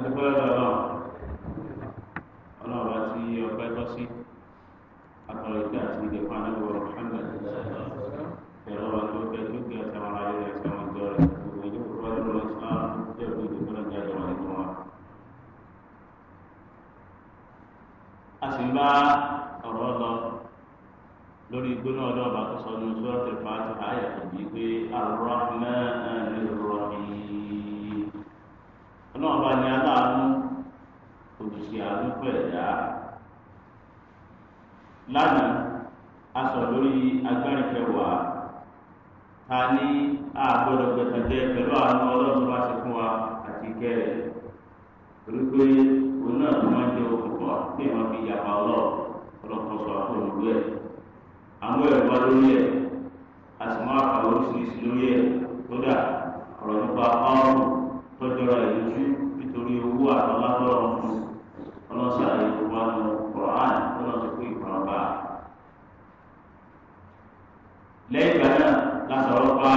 adúgbò lọ́wọ́ ọlọ́wọ́ ti ọpẹ́ tọ́ sí àtọ̀rọ̀ ìgbà àti ìdè fún àdúgbò Muhammad ẹ̀rọ wa tó kẹ́ tó kẹ́ ọ̀sẹ̀ wọn ayé rẹ̀ sẹ́wọ̀n jọ rẹ̀ gbogbo ìjọ kó wá lọ́wọ́ Islam tó ẹ̀rọ ìdè fún ọjà ìjọba nínú wa. a sì ń bá ọ̀rọ̀ lọ lórí gbóná ọlọ́ọ̀bà tó sọ ní sọ́ọ̀tì fàájì àyà tó bí pé àrùn rọ́ọ̀mẹ́ ẹ̀ ṣe àlùkò ẹ̀dá lánàá a sọ lórí agbárí kẹwàá ta ní a gbọ́dọ̀ gbẹtàjẹ pẹ̀lú àwọn ọlọ́run bá ṣe fún wa àti kẹrẹ torí pé òun náà ló máa ń jẹ òkùnkùn àti ìwọn fi yàpá ọlọ ọlọpàá sọ àpò òdùgbò ẹ àwọn ẹ̀rọ wa lórí ẹ a sì máa kà oríṣiríṣi lórí ẹ kódà ọ̀rọ̀ nípa ọrùn tọjọra ìlú nítorí owó àtọlá tọrọ fún un ọlọ́sà yìí wà nù Quran ọlọ́sà kó ìkọ̀rọ̀ bá. lẹ́yìn ìgbà náà la sọ̀rọ̀ pa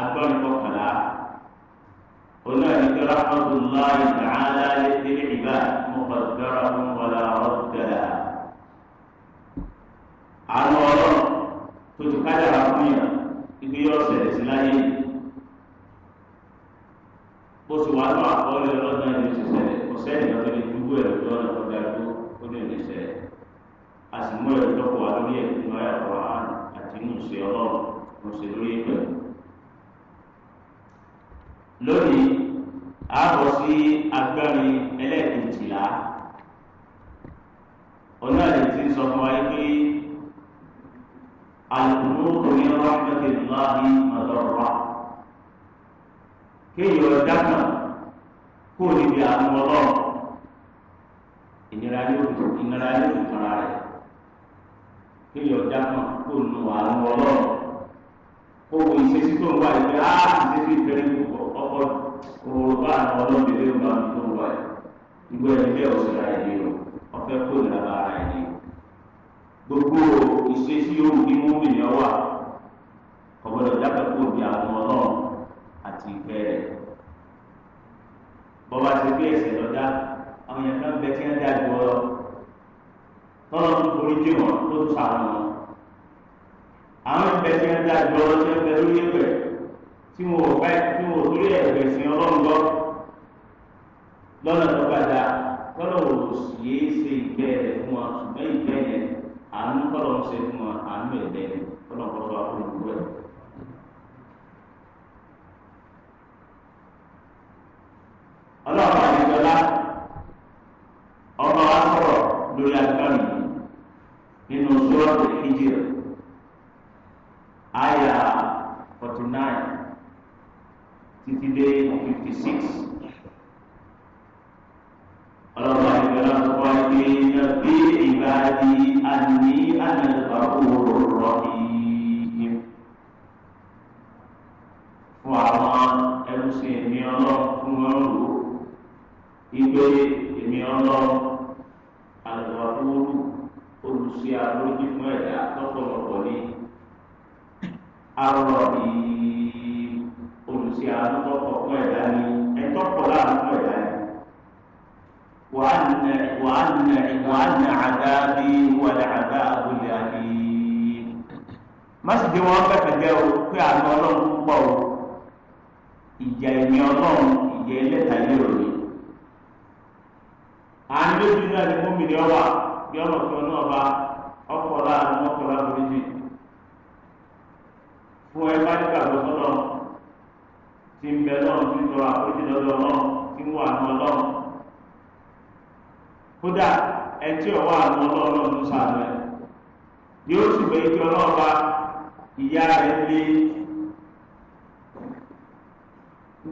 agbọ́nrin kọkànlá olóyìn rahmatulahi ta'ala lè ṣe ìgbà mo kọ̀ dára fún wàlá ọ̀dàlà. àwọn ọlọ́run tó ti kájàrà fún yàn ibi yóò ṣẹlẹ̀ sí láyé bó ti wà lọ́wọ́ àkọọ́lẹ̀ ọlọ́dún ẹni tó ṣẹlẹ̀ kò sẹ́yìn lọ́dún yìí gbogbo ẹ̀ lọ́jọ́ náà ọ̀gá tó ó lè lè sẹ́ a sì mú ẹ̀ lọ́kọ̀ wá lórí ẹ̀ nínú ayé àkọ́wá àti inú ìṣe ọlọ́run mo ṣe lórí ẹgbẹ́. lónìí a bọ̀ sí agbárin ẹlẹ́ẹ̀kejìlá ọ̀nà àlè ti sọ fún wa yìí pé alùpùpù ní rọ́pẹ́tì láàbí mọ̀tọ́rọ́ kéèyàn dákàn kó o níbi àwọn ọlọ́run ìnira yóò ìnira yóò fara rẹ̀ kéèyàn ọjà kan nu àrùn ọlọ́run kó wo ìṣesí tó ń wá ìgbé á ìṣesí ìfẹ́rẹ́ ọkọ òwòrán àrùn ọlọ́run lè wá ní tó ń wá ìgbé ẹgbẹ́ òṣèlú ayé o ọfẹ́ kó ìlà ara ẹni gbogbo ìṣesí yóò ní mú mi yẹn wà ọgbọ́dọ̀ dábẹ́ kó di àwọn èèyàn kan bẹ tí wọ́n dá ju ọ tọ́lọ́ tó forí jì wọ́n tó tún sàánú wọn àwọn ìbẹ tí wọ́n dá ju ọ tí wọ́n bẹ lórí ẹgbẹ́ tí wọn ò bá tí wọn ò torí ẹgbẹ́ sí ọlọ́run lọ lọ́nà tó gbàdá tọ́lọ́ ò sì yéé ṣe ìgbẹ́ rẹ̀ fún wọn ṣùgbọ́n ìgbẹ́ yẹn àánú kọ́lọ́ ń ṣe fún wọn àánú ẹ̀dẹ́ kọ́lọ́ ń kọ́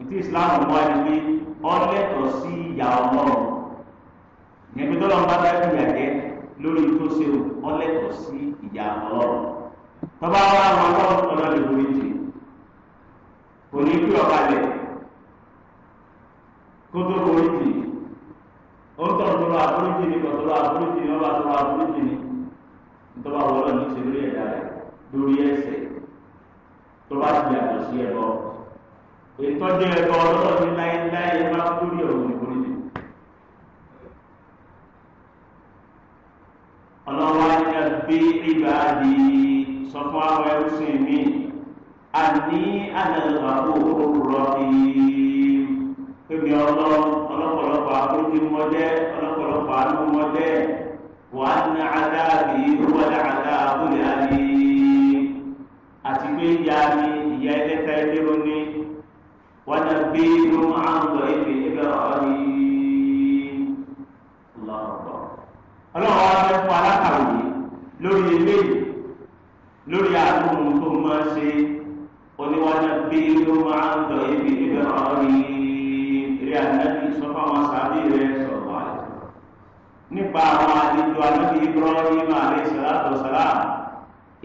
ìtí ìsìláàmù mọ́ ẹni pé ọlẹ́tọ̀ sí ìyá ọlọ́run ìyẹn pé tọ́lọ́mù bá bá ìyà jẹ́ lórí tó ṣe ọlẹ́tọ̀ sí ìyá ọlọ́run tọ́ba wa wọn lọ́wọ́ ọlọ́run lórí jì kò ní kí ọba lẹ̀ kó tó lórí jì ó ń tọ̀ tó lọ àforíjì ni kò tó lọ àforíjì ni ọba tó lọ àforíjì ni ntọ́ba wọlọ́ ní ṣe lórí ẹ̀dá rẹ̀ lórí ẹsẹ̀ tọ́ba ti yàtọ̀ sí ẹ̀bọ ìtọ́jú ẹ̀kọ́ ọlọ́run ní láéláé má lórí ọ̀rọ̀ nìkan níbi. ọlọ́wọ́ ajá gbé ìgbà di sọ fún àwọn ẹrú sí mi a ní àdàlùfà òkúrò rọ ìpèmí ọlọ́run ọlọ́pọ̀lọpọ̀ àkójú mọ́jẹ́ ọlọ́pọ̀lọpọ̀ àánú mọ́jẹ́ wàá ní adáàbí wọ́n ní adáàbò yá ni àti pé ìyá mi ìyá ẹlẹ́ta ẹlẹ́rú ní. ونبيهم عن ضعيف إبراهيم الله أكبر ọlọ́run wa fẹ́ fún alákàwé lórí eléyìí lórí àtúntò tó máa ṣe oníwájú bí ló máa ń dọ̀ ibi níbẹ̀ ọ̀rí rí ànábì sọ́fà wọn sábì rẹ̀ sọ̀rọ̀ àyè nípa àwọn àlejò ànábì Ibrahim alayhi salatu wa salam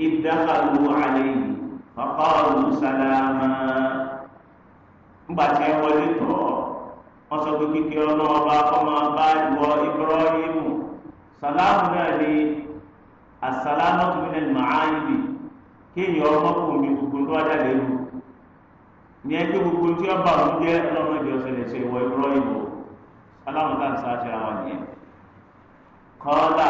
idakhalu alayhi faqalu salama ńgbà tí ẹ wọlé tọ̀ wọ́n sọ pé kíkẹ́ ọlọ́ọ̀bá ọmọ bá ìwọ Ibrahimu sàlámù náà ni àsàlámù tó nílẹ̀ màáyìbì kéèyàn ọmọkùnrin ní gbogbo tó wájà lẹ́nu ní ẹgbẹ́ gbogbo tí wọ́n bá òun jẹ́ ọlọ́mọdé ọ̀sẹ̀lẹ̀ ṣe ìwọ Ibrahimu sàlámù tá sá ṣe àwọn nìyẹn. kọ́lá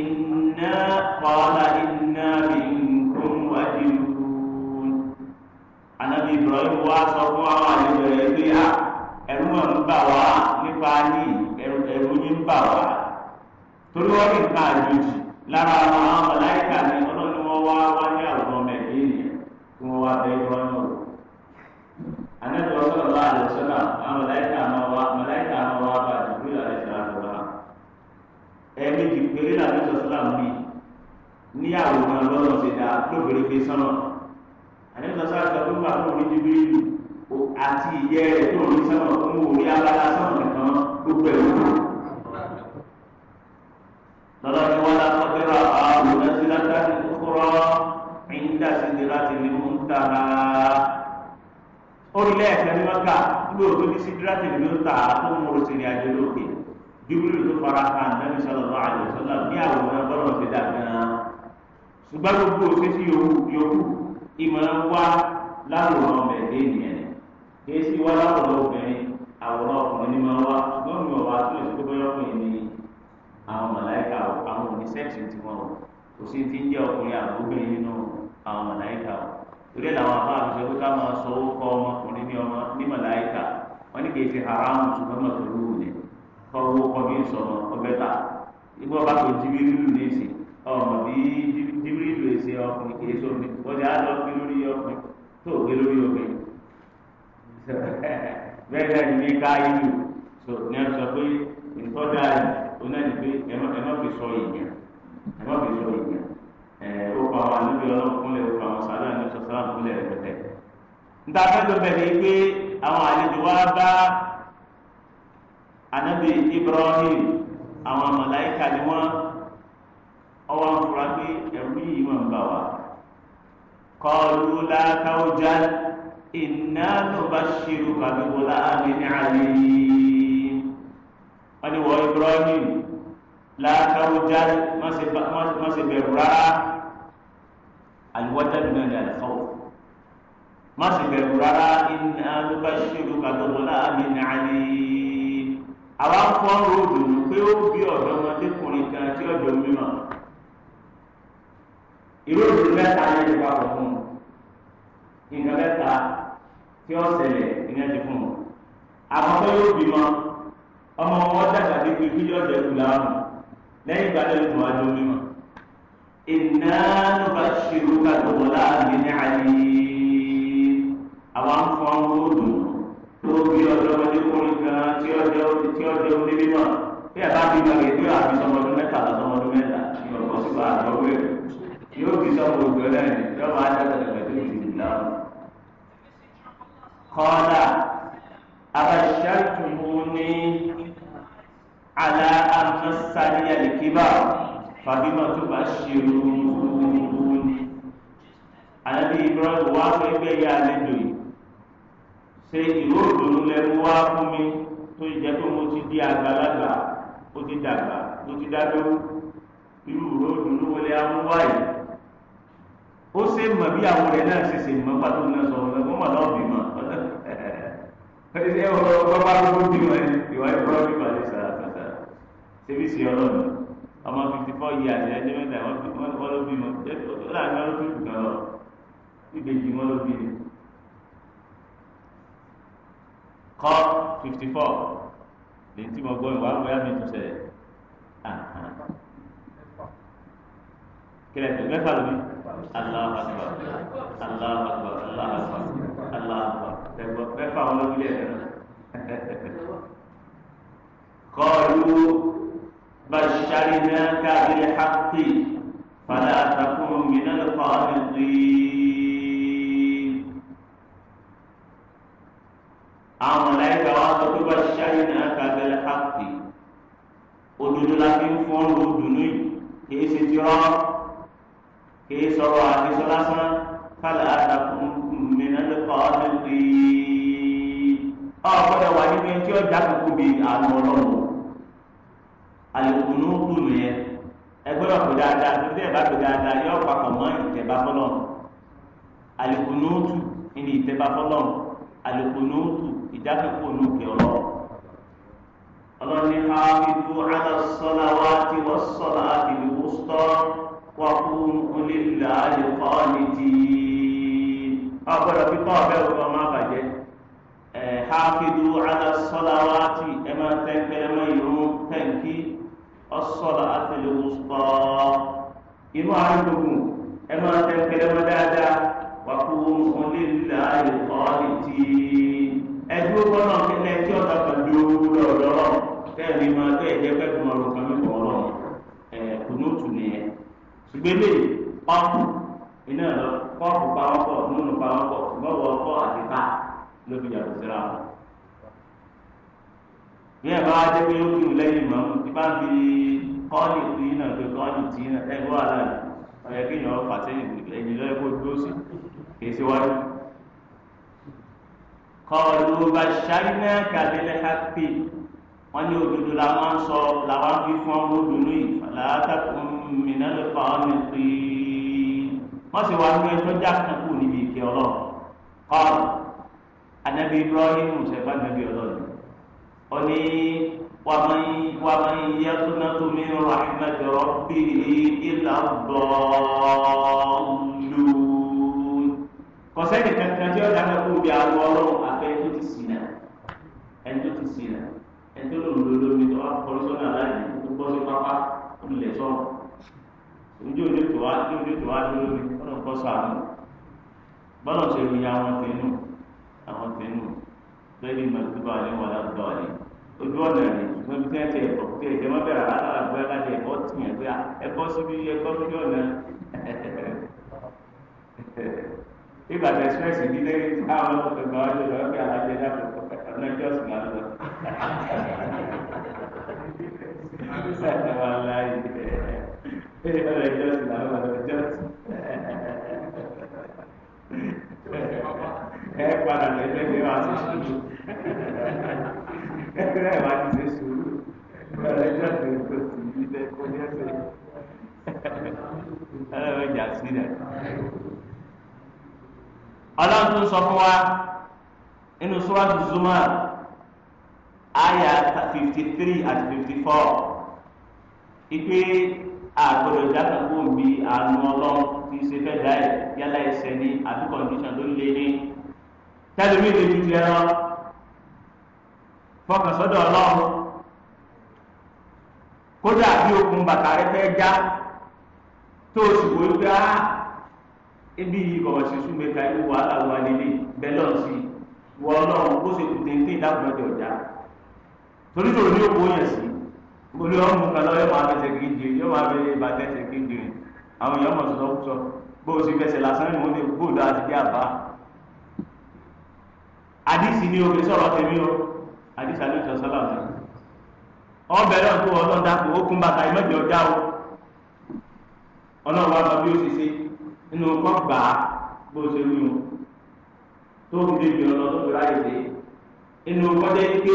iná kọ́lá iná mi nǹkan wájú anabi ibrahim wa sọ fún àwọn àlejò rẹ̀ pé a ẹ̀rù mọ̀ ń bà wá nípa ní ẹ̀rù yín ń bà wá torí wọ́n rí nǹkan àjòjì lára àwọn ọmọláìka ni ọlọ́ni wọ́n wá wá ní àwọn ọmọ ẹ̀dẹ́ ènìyàn tí wọ́n wá bẹ ibrahim o anabi ọsọlọ bá àlọ sọlá àwọn ọmọláìka máa wá ọmọláìka máa wá bá àdìgbò ìlànà ìlànà ìlànà ẹ̀ẹ́dì péré làbẹ́sọ̀ sọlá mi níyàwó kan lọ́nà ṣe dá lóbìnrin gbé sọ́nà àní sọ́sọ́ àti ọdún bá tó rí Jibrilu àti ìyẹ́ rẹ̀ tó rí sọ́nà fún orí abala sọ́nà nìkan tó pẹ̀lú. lọ́dọ̀ ni wọ́n lọ sọ pé ra àwọn olùdásílá dájú tó kúrọ́ ẹ̀yìn dàsí ti láti ní mú ń ta ha. orílẹ̀ ẹ̀fẹ́ ní wọ́n kà nígbà òbí ní sídírátì ní ń ta tó mú orí tìrìn àjò lókè Jibrilu tó fara kan nẹ́bí sọ́lọ́ àjọ sọ́lọ́ ní àwọn ọmọ ẹgbẹ́ náà ti dà gan-an ṣùgbọ́n gbogbo òṣèṣì yòókù ìmọ̀ wá láwòrán ọbẹ̀ dé nìyẹn ni kìí sí wá láwòrán obìnrin àwòrán ọkùnrin ni máa wá ṣùgbọ́n mi ò wá tó gbogbo ni àwọn àwọn oníṣẹ́ẹ̀sì ti kò sí ti ń jẹ́ ọkùnrin nínú àwọn o torí làwọn afá pé ká máa sọ orúkọ ọmọkùnrin ní ọmọ ní wọn ní haramu ṣùgbọ́n kọ́ jíbírí ìlú èsì ọkùnrin kì í sómi wọ́n ti á lọ gbé lórí ọkùnrin tó gbé lórí obìnrin bẹ́ẹ̀ náà ní ká ìlú tó ní ọ̀sán pé ìtọ́jà rẹ̀ ó náà ní pé ẹ má fi sọ ìyẹn ẹ má fi sọ ìyẹn ẹ ó pa àwọn àlùbí ọlọ́run fúnlẹ̀ ó pa àwọn sàlá ní ọ̀sán sàlá fúnlẹ̀ rẹpẹtẹ. níta fẹ́ tó bẹ̀rẹ̀ ni pé àwọn àlejò wa bá Ànábì Ibrahim àwọn màláíkà ni wọ́n ọwọ́ nkura pé ẹ̀rú yìí máa ń bà wá. kọlu látàwùjá iná ló bá ṣerú kàdúgbò láàmì ní àlè wọ́n ní wọ́n Ibrahim látàwùjá má ṣe bẹ̀rù rárá àlùwọ́jà nínú ẹ̀dá àlùfọ́wọ́ má sì bẹ̀rù rárá iná ló bá ṣerú kàdúgbò láàmì ní àlè àwa ń fọ́n ròdùn pé ó bí ọ̀dọ́mọdékùnrin kan tí ọ̀dọ́ mímọ́ ìró òṣèlú mẹ́ta yẹn ti papọ̀ fún un nǹkan mẹ́ta tí ó ṣẹlẹ̀ ìyẹn ti fún un àkọ́kọ́ yóò bímọ ọmọ wọn dàgbà sí pé fídíò ọ̀dẹ̀ kù láàmú lẹ́yìn ìgbà lẹ́yìn fún adó mímọ́ iná ló bá ṣerú ká tó wọn láàrin ní ayé àwọn afọ́n lóòdù tó bí ọjọ́ ọdún kúrin gan tí ọjọ́ tí ọjọ́ onímọ̀ bí ẹ bá bí gbàgbé tí ó àfi sọmọdún mẹ́ta lọ́sọmọdún mẹ́ta ní ọ̀pọ̀ yóò fi sọ́kò òjò náà ní yọ̀wọ̀ àtẹ̀tẹ̀ pẹ̀lú ìdìbò náà. kọ́lá abàṣàtúmúni àlà àmọ́sáníyà lèkébà fàbímọ̀ tó bá ṣe rúurúurú. àlàbí ibrahim wà fún ẹgbẹ́ yà lẹ́jọ́ yìí ṣe ìró òdòdó lẹ́nu wá fún mi tó jẹ́ pé mo ti di àgbàlagbà ó ti dàgbà ó ti dádó irú òdòdó wọlé amúwáyé ó ṣe mọ̀ bí àwọn rẹ̀ náà ṣe ṣe mọ̀ pàtó náà sọ wọn lọ́wọ́ mọ̀ náà bímọ. ẹ ọ bàbá arúgbó bímọ ẹ ìwà ìfọwọ́ bímọ ẹ sàrà sàrà ṣébí sí ọlọ́run ọmọ fifty four years ẹ jẹ́ mẹ́ta wọ́n ló bímọ láàrin wọn ló bí ìgbà lọ ìbejì wọn ló bí ni. kọ́ fifty four lè ti mọ̀ gbọ́ ìwà àwọn ẹ̀mí tó ṣẹlẹ̀ kílẹ̀ tó mẹ́fà lóbi. الله أكبر الله أكبر الله أكبر الله أكبر مẹ́fà wọn ló gbé ẹ̀rọ. قالوا بشرناك بالحق فلا تكن من القانطين àwọn mọ̀láìkà wa sọ pé بشرناك بالحق òdodo la fi ń fọ́n lu sọ̀rọ̀ àdìsọ lásán kálá àtàkùnmínálẹ́kọ̀ ọ̀dẹ́gbẹ́ ọ̀gbọ́dọ̀ wà nínú ẹni tí ó já kúkú bíi àánú ọlọ́run àlùkùnú kù nìyẹn ẹgbẹ́rọ̀ kò dáadáa tó tẹ́ ẹ̀ bá kò dáadáa yọ papọ̀ mọ́ ìtẹ̀bá fọlọ́n àlùkùnú tù ní ìtẹ̀bá fọlọ́n àlùkùnú tù ìdákẹ́kọ̀ọ́ olóògbé ọlọ́run ọlọ́ni àbíkú alásọ́lá wa ti wọ́n sọ́lá àbíkú sọ́ọ́. وقولوا لله قانتين أقول في طابع وما بجد حافظوا على الصلوات أما تنكلم يوم تنكي الصلاة الوسطى inú àdúgbò ẹ máa tẹ̀kẹ̀rẹ̀ wọn dáadáa wà kó wọn lè la ìkọ́ ní ti ẹdúró bọ́lá kẹlẹ́ tí ọ̀tá pẹ̀lú lọ́ọ̀lọ́rọ̀ kẹ́rin máa tẹ̀ ẹ̀jẹ̀ pẹ̀lú ọ̀rọ̀ kan mẹ́kọ̀ọ́ rọ̀ ẹ̀ kùnú tù nìyẹn ṣùgbọ́n eléyìí pọ́ọ̀pù iná lọ pọ́ọ̀pù pàwọn pọ̀ múnú pàwọn pọ̀ ṣùgbọ́n wọ́n pọ̀ àti bá ló fi yàtọ̀ síra wọn. bí ẹ̀ bá wá dé pé ó kí n lẹ́yìn mọ́ ti bá fi kọ́ọ̀lì tí náà fi kọ́ọ̀lì tí náà ẹ̀ wọ́n àlá ọ̀yẹ́ kí èèyàn fà sẹ́yìn ẹ̀yìn lọ́yẹ́ kó dúró sí kì í síwájú. kọ́ọ̀lù bá kàdé lẹ́hàpì wọn ní òdodo la máa ń sọ làwọn fi fún ọmọ òdùnú yìí fàlàtàkùn mìíràn lè fà ọ́ nìpé wọ́n sì wá ní ẹjọ́ jákàn kù níbi ìkẹ́ ọlọ́run kọ́ọ̀lù anabi ibrahim sẹ́fà nàbí ọlọ́run ó ní wàmán wàmán yẹ́túná tó mi rahmat rọ́bì ìlà bọ́ọ̀lù kọ́sẹ́nì kankan tí ó dáná kú bí awọ́ ọlọ́run afẹ́ tó ti sìn náà ẹni tó ti sìn náà ẹjọ́ ló ń lo lómi tó wá kọrí sọ́nà láàyè tó bọ́ sí pápá tó lẹ̀ sọ́nà ojú òde tó wá ojú òde tó wá lómi ọ̀nà kọ́ sàánù bọ́lá ṣe ń ya àwọn tẹnu àwọn tẹnu lẹ́yìn ìmọ̀lẹ́dúbà ní wàhálà tó wà ní ojú ọ̀nà rẹ̀ wọ́n ti tẹ́tẹ́ ẹ̀kọ́ tẹ́ ẹ̀jẹ̀ má bẹ̀rẹ̀ alábàgbé aláṣẹ ẹ̀kọ́ tì yẹn pé ẹ̀kọ́ síbi ẹ̀kọ́ lójú ọ̀nà ìgbà tẹ̀ stress ní lẹ́yìn tí àwọn ọ̀gbọ̀n wájú lọ́wọ́ pé aláṣẹ dáàbò ọ̀nà ìjọsìn lálọ́ Sẹ́ni wà láyé ẹ̀ ọ̀rẹ́ jọ́sì làwọn ọ̀rẹ́ jọ́sì. Ẹ padà lè lẹ́gbẹ̀ẹ́ wá sí sùúrù. Ẹgbẹ́ ẹ̀ wá ti ṣe sùúrù. Ọ̀rẹ́ jọ́sì kò sí ilé kó ní ẹsẹ̀. Ọlọ́run ìjà sílẹ̀. Ọlọ́run tún sọ fún wa nínú Súwájú Zuma àyà fifty three àti fifty four ipe àgbọ̀dọ̀ jákàkó mi àánú ọlọ́run kì í ṣe fẹ́ dá ẹ̀ yálà ẹsẹ̀ ni àbí kọ̀ǹdíṣàn ló lé ní tẹ́lẹ̀mí lè ju ti ẹran fọkàn sọ́dọ̀ ọlọ́run kódà bí okùn bàtà rẹ já tó o sì wọ́n gbé áá ebi yìí kọ̀wọ̀ sí súnmẹ́ka ewu wàhálà wà nílé bẹ́lọ̀ sí wọ́ ọlọ́run kó ṣe kùtẹ́ńtẹ́ ìdáàbòbọ̀dẹ̀ ọ̀dà. torí tòun ní òkú yẹn sí olú ọmọ kan lọ yóò máa fẹsẹ̀ kí n jẹ yóò máa fẹ ìbàjẹ́ sẹ̀ kí n àwọn èèyàn sọ bó o sì fẹsẹ̀ lásán ní àti àdìsí ni sọ̀rọ̀ o àdìsí àlejò sọ́lá ọbẹ̀ náà tó ọlọ́run ó kún bàtà ìmọ̀jẹ̀ ọjà o ọlọ́run wa lọ bí ó ṣe ṣe nínú bó o ṣe wí o tó fi ọlọ́run tó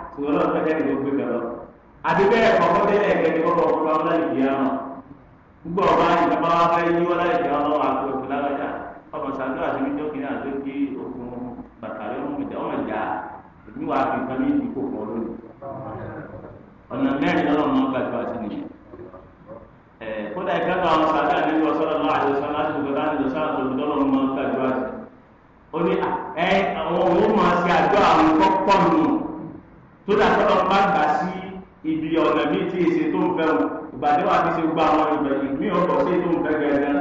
ṣùgbọ́n náà pẹ́kẹ́ ni gbogbo ìgbà lọ. àdìgbẹ́ ẹ̀kọ́ kọ́tẹ́ ẹ̀kẹ́ ni wọ́n lọ fún wa láì di àná. gbogbo ọba ìjọba wa fẹ́ yí wọn láì di àná àti òkè lágbàjá. ọmọ sàdúrà ti ní jókè náà tó kí okun bàtàrí ọmọ ìjà ọmọ ìjà èmi wàá fi nǹkan méjì kó pọ̀ lónìí. ọ̀nà mẹ́rin lọ́nà máa gbàgbọ́ àti nìyẹn. kódà ìkàtà àwọn sàdá nílùú ọ̀sán lọ́wọ́ àdìsán láti gbọ́dá àdìsán àtòlùdọ́lọ́ máa gbàgbọ́ àti. ó ní ẹ àwọn òun máa ṣe àjọ àwọn kọ́kọ́ nù kódà kọ́lọ́ bá gbà sí ibi ọ̀nà míì tí èsè tó ń fẹ́ o ìgbà tí wàá fi ṣe gba àwọn ìgbà ìgbín ọkọ̀ sí tó ń fẹ́ gẹ́gẹ́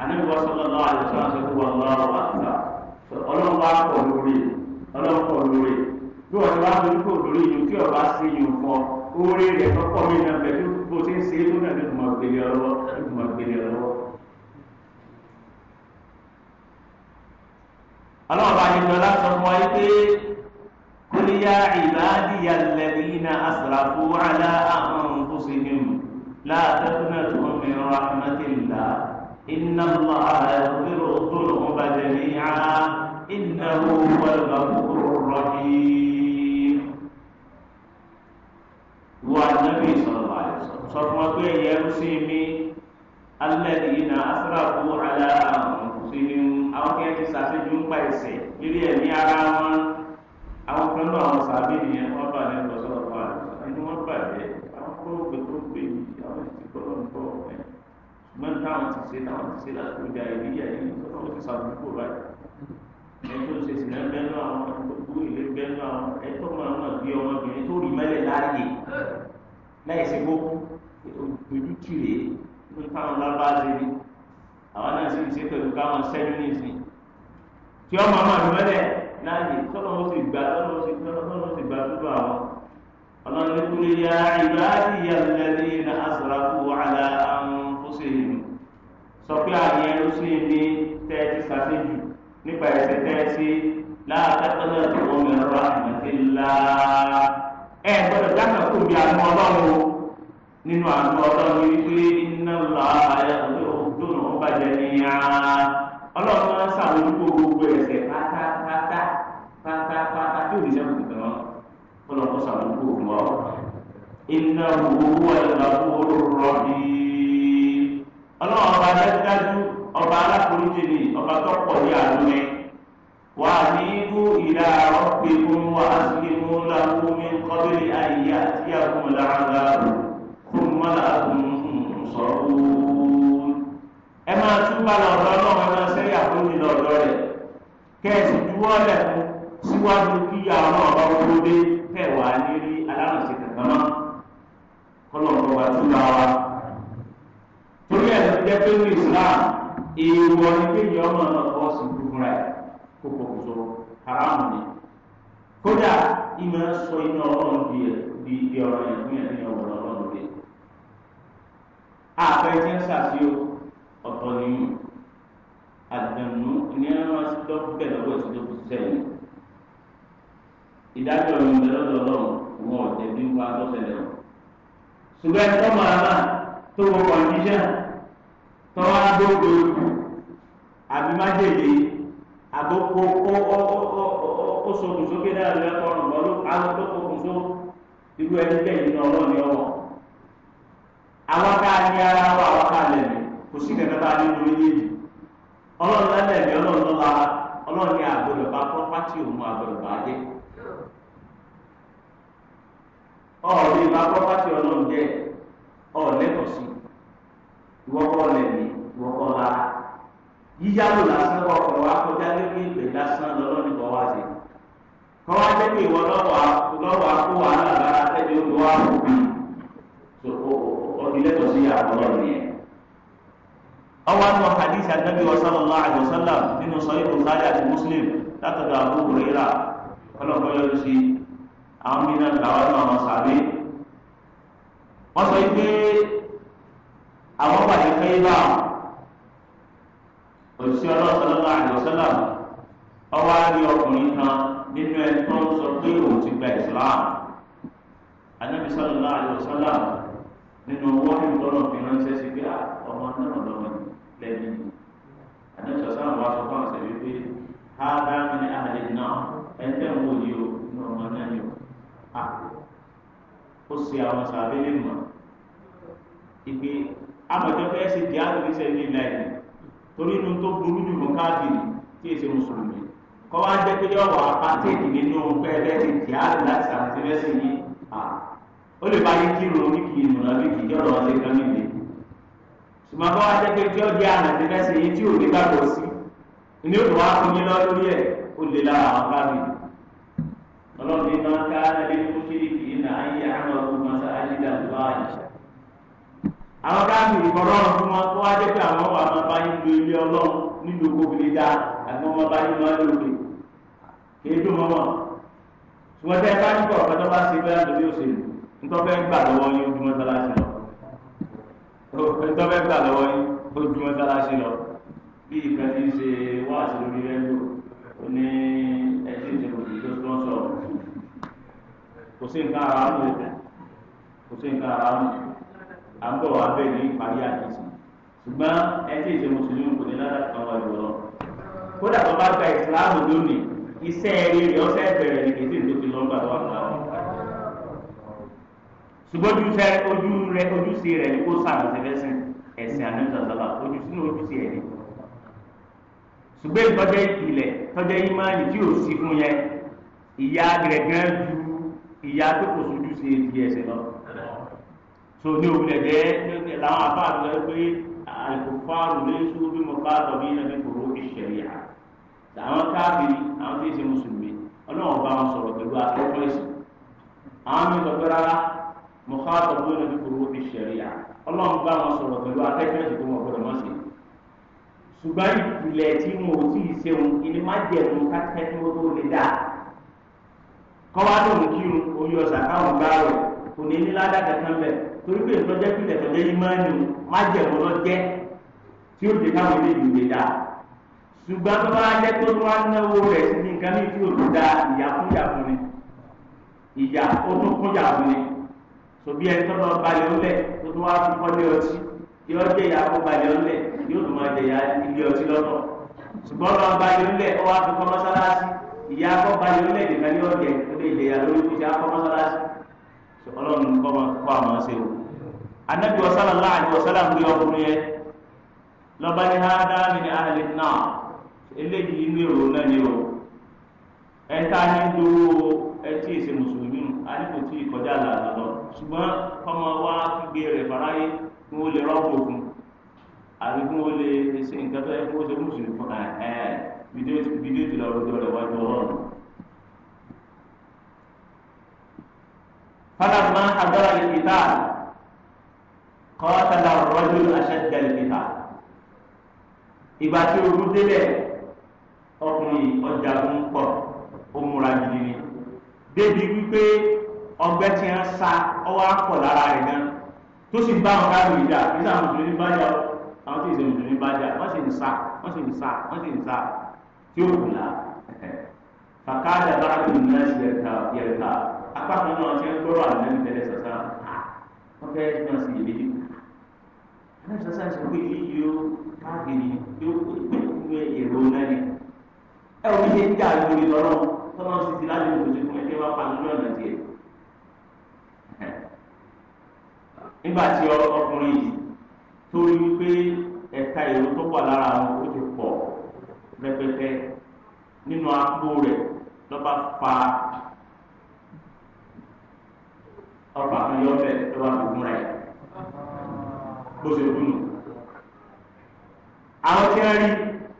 àníwọ̀ sọ́lọ́ náà àlùsọ́ àti ìwà ọ̀làwọ̀ àtúnà ọlọ́run wá pọ̀ lórí ọlọ́run pọ̀ lórí bí wọ́n ti wá lórí kò lórí yìí kí ọba sí yìí fọ́ orí rẹ̀ kọ́kọ́ mi náà bẹ̀ tó bó ti ń ṣe é tó náà ló mọ̀ gbélé ọlọ́wọ́ ló mọ̀ gbélé ọlọ́wọ́. ọlọ́run bá yẹn lọ láti sọ fún pé قل يا عبادي الذين أسرفوا على أنفسهم لا تقنطوا من رحمة الله إن الله يغفر الذنوب جميعا إنه هو الغفور الرحيم هو النبي صلى الله عليه وسلم صفوة يرسمي الذين أسرفوا على أنفسهم أو كيف تساسي جنبا يسي لذي أمي àwọn kan náà àwọn sàbí nìyẹn wọn bá ní ẹ̀kọ́ sọ̀rọ̀ fún àná ẹni wọn bàjẹ́ àwọn kó gbé tó gbé yìí àwọn ti kọ́ lọ́n bọ̀ ẹ̀ ṣùgbọ́n táwọn ti ṣe táwọn ti ṣe láti kó ja ìlú yà yìí tó náà ti sàbúkú báyìí ẹni tó ṣe sìnà bẹ́ẹ̀nu àwọn tó kú ilé bẹ́ẹ̀nu àwọn ẹni tó máa máa bí ọmọbìnrin tó rí mẹ́lẹ̀ láàyè láì ṣe kó ojú kiri ní táwọn lábá ṣe ni àwọn náà sì ń ṣe pẹ̀lú káwọn sẹ́yìn ní láàyè sọ́nà ó sì gbà sọ́nà ó sì sọ́nà ó sì gbà túbọ̀ àwọn. ọlọ́run ní kúlẹ̀ yá ìbáàdì yà lẹ́ni iná asrafu àlà anfusihim. sọ pé àyè ló sì ní tẹ́ẹ̀tì sàṣẹ́jù nípa ẹ̀sẹ̀ tẹ́ẹ̀tì láàtàkọ́nà tó wọ́n mi rọ àmọ́tẹ́lá. ẹ gbọ́dọ̀ dáná kò bí àánú ọlọ́run o nínú àánú ọlọ́run wípé iná lọ àyà ọlọ́run máa ń sàmójúkò gbogbo ẹ̀sẹ̀ pátápátá tí òbí sẹ́kù tẹ̀tẹ̀ wọn kó lọ kó sàmúkú fún wa. iná wúwo ìlà wúwo rọ̀bì. ọlọ́run ọba dájúdájú ọba aláforíjì ni ọba tó pọ̀ ní àánú ẹ. wà á ní ibú ìlà ọ̀pẹ̀ fún wa á sì mú láwù mi kọ́bìrì ayé àti àkùn làǹgà fún mọ́lá àkùn sọ̀rọ̀ ẹ máa tún bá lọ́dọ̀ ọlọ́run ẹ máa sẹ́yà fún mi lọ́dọ̀ rẹ̀ síwájú kí àwọn ọba owó dé pẹ̀wà lérí alárùnsẹ̀ kankan náà kọlọ̀kọ̀ wà túnra wa. torí ẹ̀ ló jẹ́ pé ní Islam èèwọ̀ ni kéèyàn ọmọ náà kọ́ sí gbúgbúra ẹ̀ kó pọ̀kùsọ haramu ni. kódà ìmọ̀ sọ iná ọlọ́run di di ọ̀rọ̀ yẹn fún yẹn ní ọ̀rọ̀ ọlọ́run dé. àpẹẹrẹ ti ń ṣàṣeyọ ọ̀tọ̀ nìyí àdánù ní ẹ̀rọ máa ń dọ́kú ìdájọ́ ìlú ìbẹ̀rẹ̀ lọ́dọ̀ ọlọ́run wọn ò tẹ̀lé tó ṣùgbọ́n ẹ̀tọ́ máa náà tó wọ tó wá gbogbo ikú àbí májèlé náà lọ́wọ́ ẹ̀kọ́rùn bọ́lú àwọn tó kókùn só ọwọ́. àwọn ká ní ara wa àwọn ká lẹ̀mí kò sí bá lẹ́lẹ̀mí lọ́la àgbọ̀dọ̀ bá pọ́pátì òun àgbọ̀dọ̀ bá ọ̀ọ́dún ìbá pọ́pátì ọlọ́run jẹ́ ọ̀ọ́lẹ́tọ̀ sí ìwọ́kọ́ lẹ́mí ìwọ́kọ́ la yíyáwó lásán ọkọ̀ wa kọjá lórí ìpè lásán lọ́lọ́run kọ́ wá sí kọ́ wá jẹ́ pé ìwọ lọ́wọ́ akó wàhálà lára tẹ́lẹ̀ ó wá òbí ọ̀dìlẹ́tọ̀ sí àkọ́lọ́ nìyẹn. ọwọ́ àti wọn hadith anabi wa sallallahu alayhi wa nínú sahih bukhari àti muslim látọ̀dọ̀ abu hurairah kọ́lọ́kọ́ yọrù àwọn mi náà gbàwá ní àwọn sàbí wọ́n sọ pé àwọn pàdé fẹ́ bá òṣìṣẹ́ ọlọ́sọ̀rọ̀ náà àdìọ́sọ́là ọwọ́ á rí ọkùnrin kan nínú ẹni tó ń sọ pé òun ti gba Islam Ànábì sallallahu alaihi wasallam nínú owó ìtọ́nà fi ránṣẹ́ sí pé ah, ọmọ náà lọ́wọ́ lẹ́nu Ànábì sallallahu wa sọ fún àwọn ṣẹ̀wé pé ha bá mi ní àhàlẹ́ náà ẹ̀ ń tẹ̀ wọ́n o nínú ọmọ náà yìí ó ṣe àwọn sàbẹ̀ lè mọ̀ ìgbé amọ̀jọ́ fẹ́ ṣe di àdúgbò ní ìlànà torí inú tó burú jù fún káàkiri tí èsì mùsùlùmí kọ́ wá jẹ́ pé yọ̀ wà pàtẹ́ẹ̀kì nínú pẹ́ẹ́lẹ́ ti jẹ́ àdúgbò láti sàtìmẹ́sì yìí ó lè bá yí kírun oníkì ìmọ̀ràn bí kìí jọ̀rọ̀ ọ̀sẹ̀ kan nílé ṣùgbọ́n bá wá jẹ́ pé tí ó jẹ́ àdúgbò fẹ́ ṣe yìí tí ò ní gbàgbọ́ sí ni ó wá fún yín lọ lórí ẹ̀ ó lè lára àwọn káàkiri ọlọ́run ní máa ká ẹbí kúkìrì kìí nà ayé àwọn ọkùnrin máa sáà ní ìdàgbà àyè. àwọn káàkiri ìkọlọ́run fún wọn tó wá dé pé àwọn wà máa bá yín lu ilé ọlọ́run nínú oko fi lè dá àti wọn bá yín máa lòdì kì í dùn mọ́mọ́. ṣùgbọ́n tẹ́ ẹ bá ní kọ̀ tó bá ṣe bẹ́ẹ̀ lórí òṣèlú ntọ́fẹ́ gbà lọ́wọ́ yín ojú mọ́sálásí lọ ntọ́fẹ́ gbà lọ́wọ́ yín ojú mọ́sálásí kò sí nǹkan ara mú kò sí nǹkan ara mú à ń bọ̀ wá bẹ́ẹ̀ ní ìparí àdìsí ṣùgbọ́n ẹ tí ìṣe mùsùlùmí kò ní lára kan wá jùlọ kódà tó bá gba ìsìláàmù lónìí iṣẹ́ rere ọ̀sẹ̀ bẹ̀rẹ̀ ní kété tó ti lọ́gbà wà láwọn ṣùgbọ́n ojúṣe ojú rẹ ojúṣe rẹ ni kó sàmì sẹfẹsìn ẹ̀sìn àdúgbàsọ́lá ojú sínú ojúṣe rẹ ṣùgbọ́n ìtọ́jẹ́ ìpìlẹ̀ tọ́jẹ́ ìmáàlì tí ò sí fún yẹn ìyá rẹ̀ gan ju ìyá tó kò sojú sí ti ẹsẹ̀ lọ. so ní òwúlẹ̀ jẹ́ làwọn afá àti ẹ pé àìkúfáàrù léṣu bí mo bá tọ̀ bí ẹni kòró ìṣẹ̀lẹ̀ à. àwọn káàkiri àwọn tí ì ṣe mùsùlùmí ọlọ́run bá wọn sọ̀rọ̀ pẹ̀lú akẹ́kọ̀ọ́ ẹ̀sìn. àwọn mi lọ pẹ́rẹ́ rárá mo ká tọ̀ bí ẹni kòró ìṣẹ̀lẹ̀ à. ọlọ́run bá wọn sọ̀rọ̀ pẹ̀lú akẹ́kọ̀ọ́ ẹ̀sìn tó mọ̀ gbọ́dọ̀ kọ́wá tó ń kírun oyè ọ̀sà káwọn gbá rẹ̀ kò ní ní ládàkà kan bẹ̀ torí pé ìtọ́jẹ́ pínlẹ̀ tọ́jẹ́ yìí máa ń yùn má jẹ̀mọ́ lọ jẹ́ tí ó dé káwọn ilé ìlú gbé dáa ṣùgbọ́n tó bá jẹ́ tó tó wá náwó rẹ̀ sí ní nǹkan ní tí ó ti ìyá fún ni ìyá ó tún fún ni sòbí ẹni tó lọ balẹ̀ ó lẹ̀ tó tó wá fún kọ́lé ọtí yóò jẹ́ ìyá fún balẹ̀ ó lẹ̀ yóò tún máa jẹ ìyá ilé ọtí lọ́tọ̀ ṣùgbọ́n lọ balẹ̀ ó lẹ̀ ó wá fún kọ́ ìyá akọ́ba yọ lẹ́ẹ̀dẹ̀ kan ní ọ̀dẹ̀ lórí ìlera lórí ìjà akọ́mọ́sálásí ọlọ́run kọ́ kọ́ àwọn ṣe o. anabi wasala laa ni wasala ŋun yọ kunu yẹ lọba ni hada mi ni ahali naa eléyìí ní èrò náà ni o ẹ ta ni dúró ẹ tí ì ṣe mùsùlùmí a ní kò tí ì kọjá làlá lọ ṣùgbọ́n kọ́mọ wá gbé rẹ̀ faraye kí wọ́n lè rọ́pò fún àbí kí wọ́n lè ṣe nǹkan tó yẹ kí ṣe mùsùlùmí fún ẹ̀ ẹ́ bídé ti lọ rọjò rẹ wájú Ọlọ́run. fọlọ́n máa ń hadọ́rọ̀ ìkìtà kọ́tàlá rọ́jò àṣẹjẹ ìkìtà. ìgbà tí ogun délẹ̀ ọkùnrin ọjà ń pọ̀ ó múra gidi ni débi wípé ọgbẹ́ tí ń sa ọwọ́ àpọ̀ lára rẹ̀ gan tó sì bá àwọn káàdì ìjà nígbà àwọn obìnrin bá jà àwọn tí ìṣèlú obìnrin bá jà wọ́n sì ń sa wọ́n sì ń sa wọ́n sì ń sa tí ó kù la fàkàdà bá kù náà ṣe ẹ̀ka yẹ̀ka apá kan náà ṣe ń gbọ́rọ̀ àlẹ́nu tẹ́lẹ̀ sọ̀tà wọ́n fẹ́ náà sì yẹ̀ méjì. náà sọ̀tà ṣe pé yíyí ó káàkiri yóò pé ìwé èrò náà ni. ẹ ò ní ṣe ń dà lórí lọ́rọ̀ tọ́lá sì ti láti lòdì fún ẹgbẹ́ wa pa nínú ọ̀nà tiẹ̀. nígbà tí ọkùnrin yìí tó rí wípé ẹ̀ka èrò tó wà lára àwọn rẹpẹtẹ nínú apó rẹ̀ lọ́ba fa ọba kan yọ ọbẹ̀ lọ́ba tó gún rẹ̀ bó ṣe kú nù. àwọn tí a rí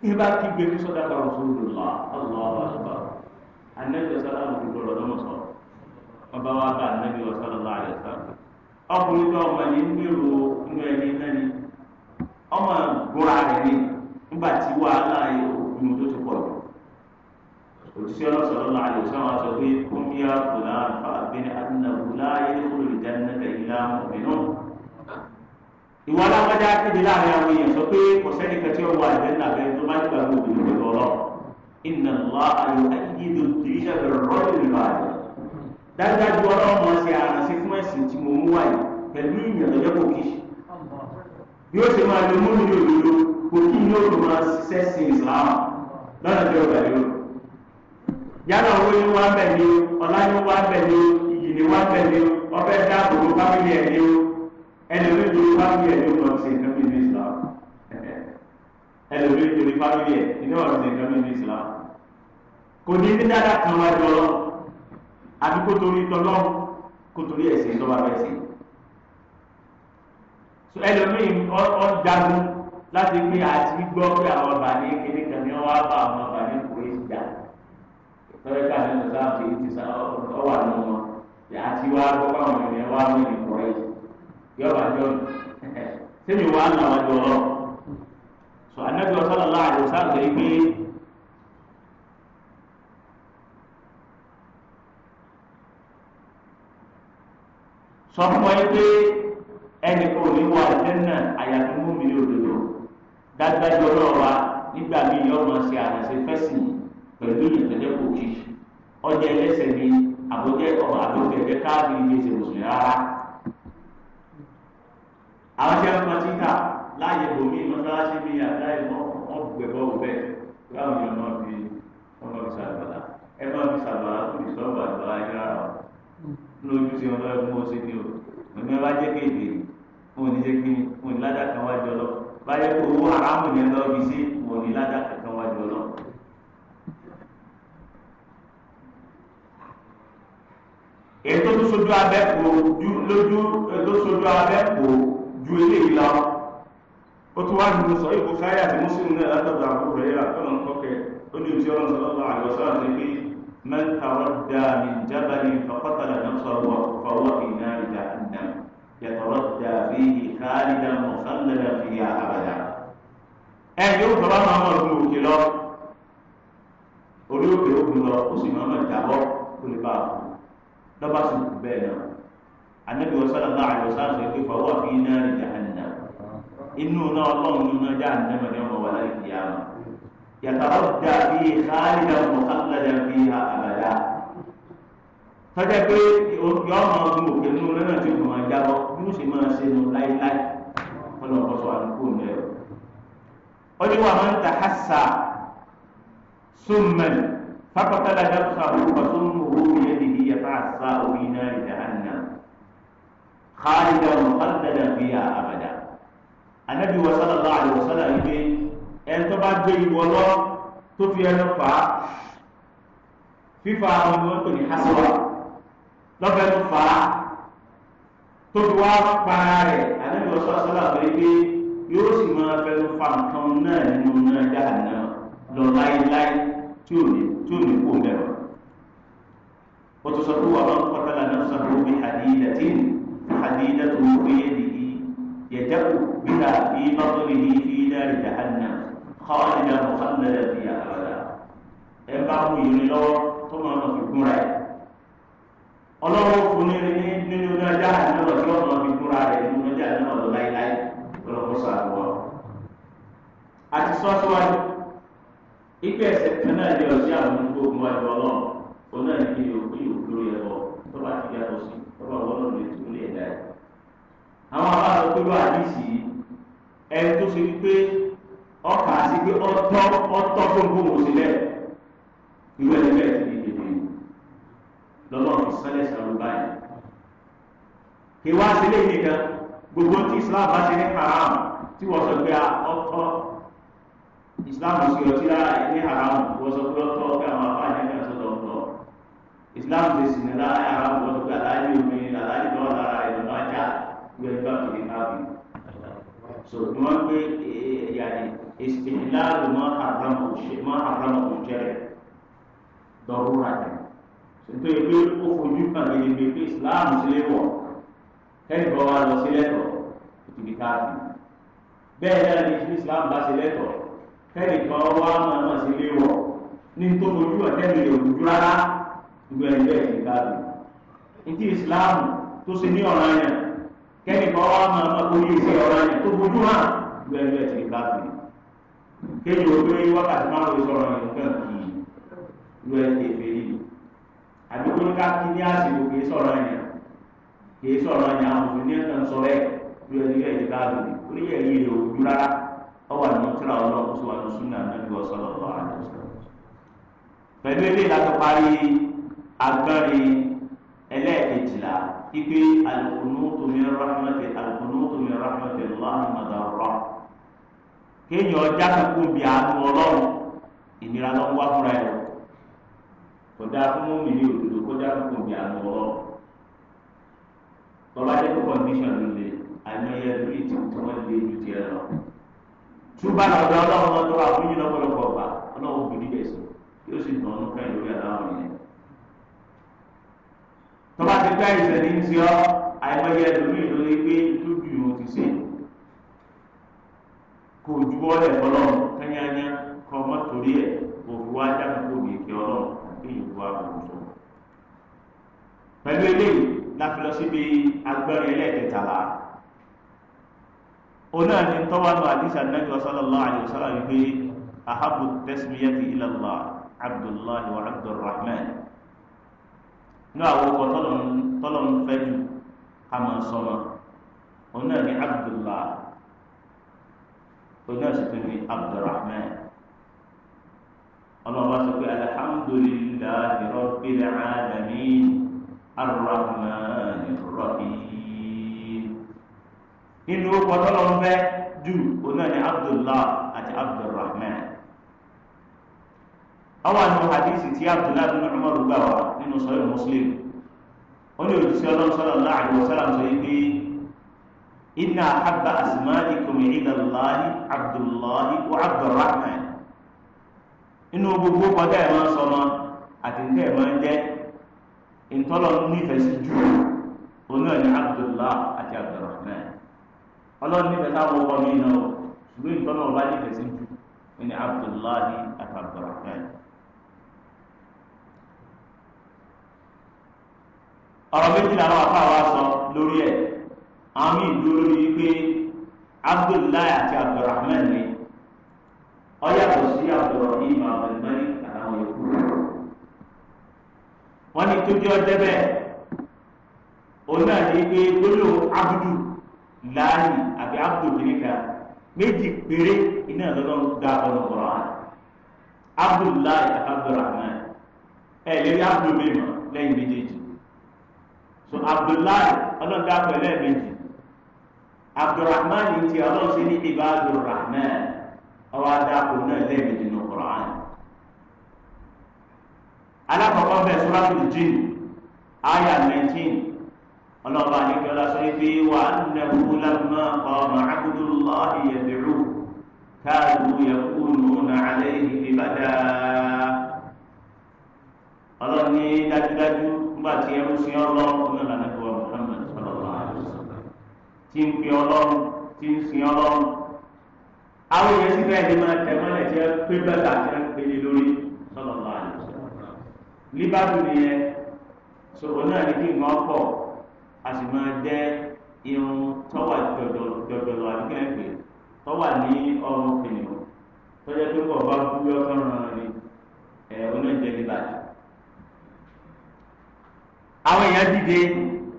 ibà kí gbèmí sọ́dá kan sóòlù lọ́wọ́ ọlọ́wọ́ àṣùbà anẹ́gbẹ̀ sọ́dá kan gbọ́dọ̀ lọ́mọ sọ ọba wa bá anẹ́gbẹ̀ wọ́n sọ́dá lọ́wọ́ àyẹ̀sà ọkùnrin tó ọmọ yìí ń lérò inú ẹni náà ni ọmọ gbọ́ra rẹ̀ ni nígbà tí wàhálà yìí fún mi tó ti pọ̀ jù òṣìṣẹ́ náà sọ̀rọ̀ náà àyè sọ́wọ́n aṣọ pé kún bí àkùnà àfa àbẹ́rẹ́ àdínàbù láàyè kúrò ìdánilẹ́kẹ̀ ìlà ọ̀mìnú. ìwọ alágbájá kéde láàrin àwọn èèyàn sọ pé kò sẹ́ni kẹtí ọwọ́ àjẹ́nà bẹ́ẹ̀ tó má nígbà gbogbo ìlú lọ́rọ̀ iná lọ́ ayọ̀ ayédè tìrìṣà bẹ̀rẹ̀ rọ́ọ̀lù ìlú àjẹ́. dájúdájú ọlọ́mọ ṣe àránṣe fún ẹ̀sìn tí mo mú wáyé pẹ̀lú ìyànjẹ́ kò kí bí ó ṣe máa lo múlùú òdodo kò kí ni ó máa ṣiṣẹ́ sin ìsìlámù lọ́nà bí ọ̀gá yóò. yálà owó ni wọ́n á bẹ̀ ni o ọ̀la ni wọ́n á bẹ̀ ni o ìyì ni wọ́n á bẹ̀ ni o ọbẹ̀ dáàbò ló fámìlì ẹ̀ ni o ẹlòmíì tó ló fámìlì ẹ̀ ni o lọ́ọ́ sí nǹkan bíi ní Islam ẹlòmíì tó ló fámìlì ẹ̀ ni wọ́n sí nǹkan bíi ní Islam. kò ní ní dáadáa kan wá jọ lọ àbí kó torí tọ́lọ́ kó torí ẹ̀sìn tó bá bẹ̀ sí. ẹlòmíì ọ̀ jagun láti pé àti gbọ́ pé àwọn bàálé kékeré kan ní wọ́n wá bá àwọn bàálé kúrò ìjà lọ́wọ́ ká nínú sáàpì ti sá ọwà ní wọn àti wá gbọ́ káwọn ènìyàn wá ní ìkọ̀ ẹ̀ yọba jọ sẹ́mi wàá nà wá jọ lọ. sọ anábì ọ̀sán ọ̀la àdìo sáàpì yìí pé sọ fún ẹ pé ẹnì kan ò ní wọ àjẹ́ náà àyàtúmọ̀ mi ní òdòdó dájúdájú ọlọ́run wa nígbà míì yọ ọmọ ṣe àrẹ̀ṣe fẹ́sìn pẹ̀lú ìyẹ̀tẹ̀lẹ̀ kòkì ọjà ẹlẹ́sẹ̀ ni àbọ̀jẹ́ ọmọ àbọ̀jẹ́ káàdì ní ìṣe mùsùlùmí rárá. àwọn ṣe ń pọn títà láàyè bòmí mọ́sálásí bíi àdáyé wọn gbẹ̀bọ̀ wò bẹ́ẹ̀ láwọn èèyàn náà fi ọmọ mi ṣàlùbàlà ẹ máa fi ṣàlùbàlà tó fi sọ́ọ̀bù àlùbàlà yẹn rárá o lójú tí wọn lọ́ọ́ mú ọ sí ni o òní ẹ bá jẹ́ kéde òní jẹ́ kí òní ládàá kan wájú ọlọ́pàá báyìí owó aráàmù yẹn lọ fi sí wọn ní ládà kankan wájú ọ náà. ètò tó sojú abẹ́ kò lójú tó sojú abẹ́ kò ju eléyìí lọ ó tún wá nínú sọ ìbò káyà àti mùsùlùmí náà látọ̀dọ̀ àbúrò rẹ̀ rà tọ́nà kọ́kẹ́ ó ní ìṣẹ́ ọ̀rọ̀ sọ́lọ́lá àgbọ̀sọ́lá ti pé mẹ́ta rọ́dà ní jábàlì fàkọ́tàlà náà sọ̀rọ̀ fọwọ́ ìnáyà náà yàtọ̀ rọ́dà bíi خالدا مخلدا فيها أبدا ẹni ó bàbá máa máa gun òkè lọ orí òkè ó gun lọ ó sì máa máa dàbọ kó lè bá a kú lọ́ba sì kú bẹ́ẹ̀ náà anabi wa sallallahu alaihi wa sallam sọ pé fàwọn àfihàn náà rìn jahannam inú náà ọlọ́run nínú ọjà àdánmọ̀ ní ọmọ wàlá ìdíyàmọ̀ yàtọ̀ ọ̀dà bíi khalidan mukhalladan fiha abada. tọ́jà pé yọ ọmọ ọdún òkè nínú lẹ́nà tí òkè máa jábọ́ bí ó sì máa ṣe nu láíláí ọlọ́ ọ̀pọ̀sọ àdúgbò ń bẹ̀rẹ̀. ọjọ́ wa máa ń ta hásà súnmẹ́n fákọ̀tàlá dábùsà òkúta tó ń mú owó yẹn lè yíyá tá a sá orí náà lè dá àná. khalida mukhalada biya abada. anabi wa sallallahu alayhi wa sallam ibe ẹni tó bá gbé ìwọ lọ tó fi ẹnu fà á fífa àwọn ọmọ tó ní hásà wa. lọ́fẹ̀ẹ́ tó fà á tó fi wá para rẹ̀ ànábì ọ̀sán sọ́lá pé pé yóò sì máa fẹ́ tó fa nǹkan náà nínú náà jáde náà lọ láéláé tí ò ní tí ò ní kó bẹ̀rẹ̀ o tó sọ pé wà lọ́n pátálà náà sọ pé omi àdìyẹ tí àdìyẹ tó wọ́n fi yé nìyí yẹ̀dẹ́kù bíkà bí bàtọ́lì ní fi dárí jahanna kọ́ọ̀dì náà mọ̀kànlélẹ́bí àbàdà ẹ bá mú ìrìn lọ́wọ́ tó máa lọ fi gúnra yìí ọlọ́run fún ní ní nínú ní ọjà àdúrà tí ọ̀nà ti kúra rẹ̀ nínú ọjà àdúrà lọ láíláí lọ́wọ́ sọ àlùwọ̀. àti sọ́síwájú ipe ẹsẹ̀ kan náà lé ọjà àwọn ogun àjọ ọlọ́run òun náà ní kí yòókù yòókù lórí ẹ̀rọ tó bá ti yàtọ̀ sí tó bá wọ́n lọ́nà ètò ilé ẹ̀dá ẹ̀. àwọn aláàbò pé wọ́n àdìsí ẹni tó ṣe wípé ọkà sí pé ọtọ́ ọtọ́ fún gbogbo sílẹ̀ ìwé ẹ̀ sẹ́lẹ̀ sàrò báyìí. ìwà sílẹ̀ nìkan gbogbo tí islam bá ṣe ní haram tí wọ́n sọ pé ah, ọ̀tọ̀ islam ṣe ọtí lára ní haram wọ́n sọ pé ọ̀tọ̀ pé àwọn afáàní ẹ̀ka sọ̀tọ̀ ọ̀tọ̀ islam ṣe sì ní lára haram wọ́n sọ pé aláàjì omi aláàjì lọ́wọ́ lára ẹ̀ lọ́wọ́ ajá gbẹ̀gbà kìlì káàbì. so ni wọ́n gbé eh, yàrá ìsìnkú láàrú mọ́ àràmọ̀ òṣèré ضرورة ṣètò ìgbé ó fojú kan gẹ́gẹ́ bí Islam sílé wọ̀ kẹ́kọ̀ọ́ wa lọ sí lẹ́tọ̀ọ́ ìdìbí káàdì bẹ́ẹ̀ náà ni ìdí Islam bá sí lẹ́tọ̀ọ́ kẹ́kọ̀ọ́ wa máa máa sílé wọ̀ ní tó fojú ọ̀tẹ́mi lè rújú rárá ìgbẹ́ ẹgbẹ́ ìdìbí káàdì ìdí Islam tó ṣe ní ọ̀ràn yẹn kẹ́kọ̀ọ́ wa máa máa kó yé sí ọ̀ràn yẹn tó fojú hàn ìgbẹ́ ẹgbẹ́ ìdìbí káàdì kéjì òkú wákàtí márùn-ún sọ̀rọ̀ yẹn fẹ́ràn kì í ìgbẹ́ ẹgbẹ́ àbí kó ká ti ní àsìkò kì í sọ̀rọ̀ yẹn kì í sọ̀rọ̀ yẹn àwọn òfin ní ẹ̀ka ń sọ bẹ́ẹ̀ bí ẹni yẹ ẹ̀dẹ̀ káàdù ni ó ní ẹ̀yìn rẹ̀ ojú rárá ọwọ́ àti mọ́tíra ọlọ́run tó wà ní súnà lẹ́nu ọ̀sán ọ̀rọ̀ àti ọ̀sán. pẹ̀lú ilé ìlàtọ̀ parí agbárin ẹlẹ́ẹ̀kejìlá ipe al-qunutu min rahmati al-qunutu min rahmati Allahi madarra kéèyàn kọjá fún mọ́mìnì òdodo kọjá fún kòmí àná ọ̀rọ̀ tọ́lá jẹ́ kó kọ́ndíṣàn ló le àìmọye ẹ̀dúrí ti tí wọ́n lé ju tiẹ̀ lọ. túbà lọ́dọ̀ ọlọ́run ọdún wa fún yín lọ́pọ̀lọpọ̀ gbà ọlọ́run kò níbẹ̀ sí yóò sì nà ọ́nú fẹ́ lórí àdáwọn yẹn. tọ́lá ti gbá ìṣẹ̀lẹ̀ ní ti ọ́ àìmọye ẹ̀dúrí lórí pé lójú ìhun ti ṣe kò ju ọ́lẹ̀ fọlọ́run kányányá kọ́ mọ́tòrí ẹ̀ kò fi wá dáhùn kó bìí ọlọ́run èyí tó àwọn ọ̀ṣọ́. pẹ̀lú eléyìí la fi lọ síbi agbẹ́rin ẹlẹ́ẹ̀kẹtàlá ona ni tọ́wánu àdìsí anabi sallallahu alayhi wa sallam wípé ahabu tasmiyati ila Allah abdullahi wa abdulrahman ní àwọn ọkọ̀ tọ́lọ̀ ń ká máa sọ̀rọ̀ ona ni abdullahi ona sì tún ni abdulrahman ọlọ́wọ́ sọ pé alhamdulillahi rabbil alamin arrahmanir rahim. nínú ọkọ̀ tọ́lọ́run fẹ́ jù ọ̀nà ni abdullah àti abdulrahman. àwọn àna hadisi tí abdullah bin umar gbà wá nínú sọ́yìn muslim ó ní òjì sí ọlọ́run sallallahu alaihi wasallam sọ yìí pé inna ahabba asma'ikum ila allahi abdullahi wa abdulrahman inú gbogbo kọjá ẹ̀ máa ń sọmọ àti nǹkan ẹ̀ máa ń jẹ́ ìtọ́lọ̀ nífẹ̀ẹ́ sí jù oní ọ̀nà Abdullah àti Abdulrahman ọlọ́run nífẹ̀ẹ́ sáwọn ọkọ mi náà ṣùgbọ́n ìtọ́lọ̀ ọba nífẹ̀ẹ́ sí jù oní Abdullah àti Abdulrahman. ọ̀rọ̀ méjì làwọn afá wa sọ lórí ẹ̀ àwọn míì dúró lórí pé Abdullah àti Abdulrahman ni ọyàtọ̀ sí àbúrò ní ìmọ̀ àbẹ̀mẹ́rin àtàwọn èkó wọ́n ní tójú ọjọ́ bẹ́ẹ̀ òun náà ní pé gbólóhùn abudu láàyè àbí abudu kìnìkan méjì péré iná lọ́nà dá ọ̀nà ọ̀rọ̀ hàn abdullahi àti abdulrahman ẹ lè rí abudu mẹ́mọ̀ lẹ́yìn méjèèjì so abdullahi ọlọ́dà pẹ̀lú ẹ̀ méjì abdulrahman ti ọlọ́sẹ̀ ní ibadurrahman ọwọ́ adáko náà lẹ́ẹ̀mejì ní Qur'an. alákọ̀ọ́kọ́ bẹ́ẹ̀ suratul jinn àyà 19 ọlọ́ba àdìgbọ́lá sọ pé wà á nẹ̀kú lámà ọmọ àbúdúlọ́ ìyẹ̀dẹ̀rù káàdù yẹ̀kúnù nàálẹ́ ìbàdà. ọlọ́ni dájúdájú nígbà tí ẹrú sí ọlọ́run náà lànà tó wà Muhammad sallallahu alaihi wasallam tí ń pè ọlọ́run tí ń sin ọlọ́run àwọn èèyàn sì bẹ́ẹ̀ ni máa tẹ̀ mọ́lẹ̀ tí wọ́n pé bàtà tí wọ́n pè é lórí sọ̀rọ̀ lọ́wọ́ àná. líbàdù nìyẹn sọ̀rọ̀ náà ní kí nǹkan pọ̀ a sì máa jẹ́ irun tọ́wà jọ̀jọ̀lọ̀ àbí kí wọ́n pè tọ́wà ní ọrùn kìnìún tọ́jà tó pọ̀ bá bú ọkàn rán ni ẹ̀ oníjẹ níbàdàn. àwọn èèyàn dìde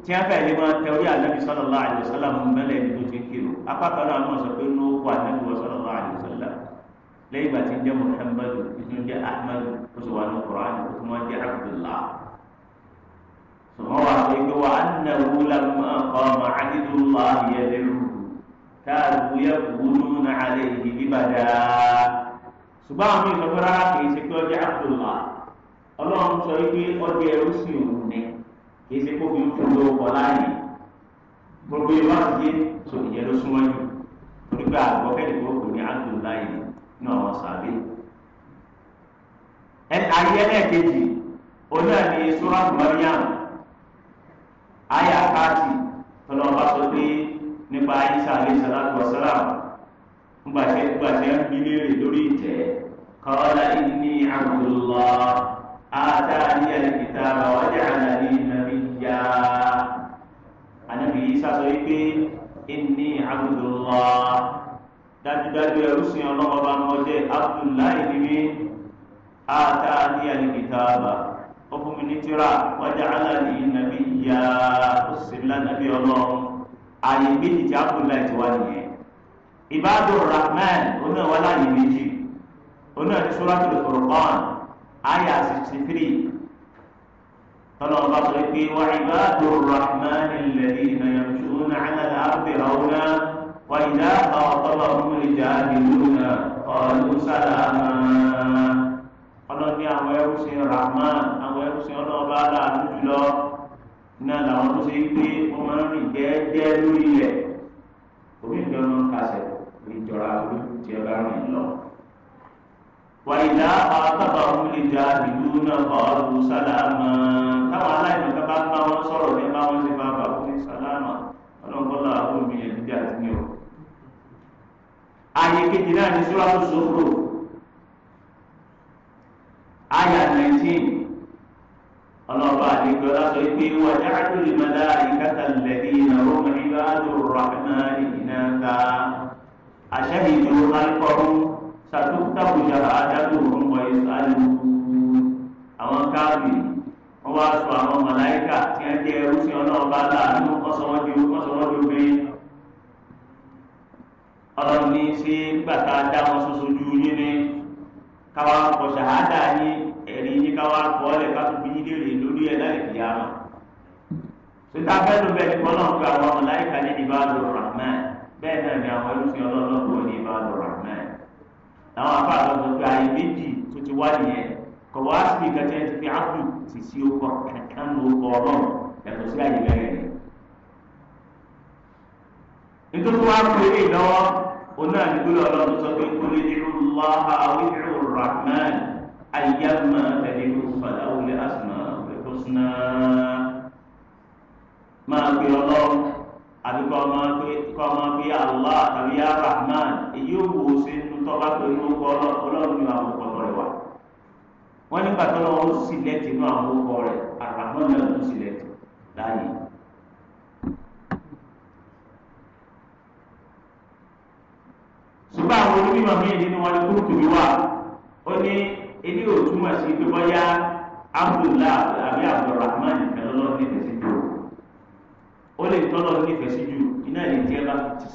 tí wọn fẹẹ lè máa tẹ orí ànábì sallallahu alaihi wasallam mẹlẹ ní tó ti kiri apá kan náà wọn sọ pé ní ó kó ànábì wọn sallallahu alaihi wasallam lẹ́yìn ìgbà tí ń jẹ muhammadu tí ń ahmadu ó sì wà ní quran ó sì máa jẹ abdullah sọmọ wa pé kí wà á nà wúlà kọ́ ọmọ àdídúlá yẹ lẹ́rù káàdù yẹ kúrú nà alẹ́ yìí bíbàdà ṣùgbọ́n àwọn ìsọfúnra kì í ṣe kó fi ń fún lówó kọ láàyè gbogbo ìwà àti tó ìyẹn ló súnmọ́ yìí onígbà àgbọ̀ kẹ́lẹ́ kó kò ní àdùn láàyè ní ọ̀rọ̀ sàbí. ayé ẹlẹ́ẹ̀kejì onáà ní sùràtù Maryam àyà káàtì tọ́lọ́ bá sọ pé nípa Isa alayhi salatu wa salam ńgbàṣẹ ńgbàṣẹ ń bi léèrè lórí ìtẹ́ qala inni Abdullah atani al-kitaba wa ja'alani ya anabi isa sọ yìí pé inni abdullah dájúdájú ẹrú sin ọlọ́mọba mọ́jẹ́ abdullahi nìyí àtàní alikitaba ó fún mi ní tírà wájà aláàlì nàbí ya ó sì ń lá nàbí ọlọ́run àyè méjì tí abdullahi ti wá nìyẹn ibadu rahman oní ọ̀wá láàyè méjì oní ọ̀dí suratul furqan aya sixty three. فلو بطلقي وعباد الرحمن الذين يمشون على الأرض هونا وإذا خاطبهم الجاهلون قالوا سلاما ọlọ́run ní àwọn ẹrú sí rahman àwọn ẹrú sí ọlọ́ọ̀bá aláàánú jùlọ náà làwọn tó ṣe pé wọ́n máa ń rìn jẹ́ẹ́jẹ́ lórí rẹ̀ omi ìjọba ń kàṣẹ̀ ìjọra olójú tí ẹ bá rìn lọ wàyídá àtàbàwọn ìjà ìlú náà ọrùn sálámà táwọn aláìní bá bá wọn sọ̀rọ̀ ní bá wọn ṣe bá bá wọn ní sálámà ọlọ́nkọ́lá àwọn òmìnira jíjà ti ní o. ààyè kejì náà ní síwájú sòfò àyà nineteen ọlọ́ba àdìgbò láti pé wàjà àdúrà ìmọ̀lá ìkàtà lẹ́dí ìnáwó mẹ́rin bá dùn ràhánà ìnáta àṣẹ́bìdì ó máa ń kọ́ ọ́n tàtúntà òjàrà adájọ́ òun wọ ìsàlù àwọn káàbì wọn wá sọ àwọn màláìkà tí wọn jẹ ẹrúsìn ọlọ́ọ̀bá láàánú kọ́sọ́wọ́dì kọ́sọ́wọ́dì obìnrin ọlọ́run ní ṣé gbàtà dá wọn ṣoṣo ju yín ni káwá kọ ṣàhádà yín ẹ̀rí yín káwá kọ́ ọ́ lẹ̀ ká tó fi yín léèrè lórí ẹ̀ láì fi yára sita fẹnu bẹ́ẹ̀ ni kọlọn fẹ àwọn ọmọláyìíká ní ìbáàdùn rahman bẹ́ẹ̀ náà ni àwọn ẹlòmíràn ọlọ́run kò ní ìbáàdùn làwọn afa àti ọmọ ìgbà ayé méjì tó ti wá nìyẹn kọ̀wá síbi kẹtẹ ti fi ápù sì sí ọkọ kankan ní ọkọ ọlọ́run yàtọ̀ sí ayé bẹ́ẹ̀ rẹ̀. nítorí wàá pè é lọ́wọ́ oní àdúgbò ọlọ́run sọ pé kúlẹ̀ ìrùlọ́ àwọn ìrùràmán ayélujára tẹ̀lé ìrùfàdáwọlé àsùnà ìrùfàdáwọlé àsùnà máa pè ọlọ́run àbí kọ́ ọmọ pé kọ́ ọmọ pé Allah tàbí ya Rahman èyí ò wò ó sí nínú tọ́ba pẹ̀lú orúkọ ọlọ́run ní àwọn ọkọ̀ rẹ̀ wá. wọ́n nígbà tó lọ́wọ́ sì lẹ́tì inú àwọn orúkọ rẹ̀ Ar-Rahman náà ló sì lẹ́tì láàyè. ṣùgbọ́n àwọn onímọ̀ míì nínú wọn ni Qurtubi wà ó ní ilé òtúmọ̀ sí pé bọ́yá Abdullah àbí Abdulrahman nìkan ló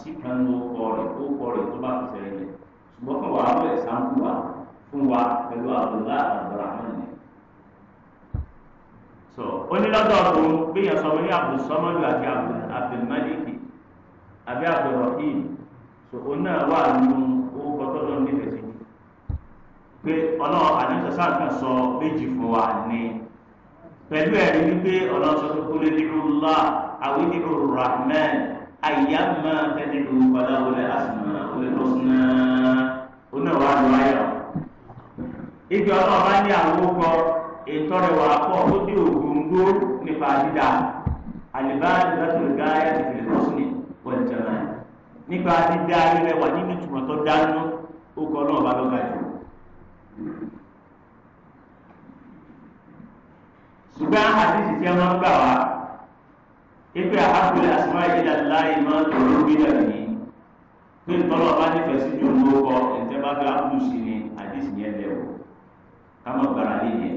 sí kan ní orúkọ rẹ̀ orúkọ rẹ̀ tó bá fẹsẹ̀ rẹ̀ lẹ̀ ṣùgbọ́n fún wa àwọn ẹ̀sánpù wa fún wa pẹ̀lú àbúrò àbúràmọ́n ni. sọ onílọ́dọ̀ ọ̀hún gbìyànjú sọ wọlé àbùsọ́mọ́lù àti àbùmálìkì àbí àbùrọ̀hìn sọ òun náà wà nínú orúkọ tó lọ nílẹ̀ sí pé ọlọ́run àdéhùn sáàkàn sọ méjì fún wa ní pẹ̀lú ẹ̀rí wípé ọlọ́run kúlẹ̀ ní ọlọ́run àwọn rahman أيما تدعو فله الأسماء الحسنى هنا وعد ayo ìgbà ọlọ́run bá ní àwọn ètò rẹ̀ wà pọ̀ tó dé ògóńgó nípa dídá àlìbáàdì lọ́sọ̀rọ̀ gáyà ìfẹ́ lọ́sọ̀nì pọ̀lì jẹ̀mà nípa dídá rẹ̀ wà nínú ìtumọ̀ tó dánú ọkọ ọlọ́run bá lọ́ga jù. ṣùgbọ́n àdìsí tí wọ́n gbà wá ipe àhábìlẹ̀ àsìmọ́ ìdílé aláì máa tòrò gbígbà yìí pé tọ́lọ́ bá nífẹ̀ẹ́ sí ju olóko ẹ̀jẹ̀ bá fẹ́ àkúùsì ni àdìsí yẹn lẹ́wọ̀ kámọ̀ gbàrà lé yẹn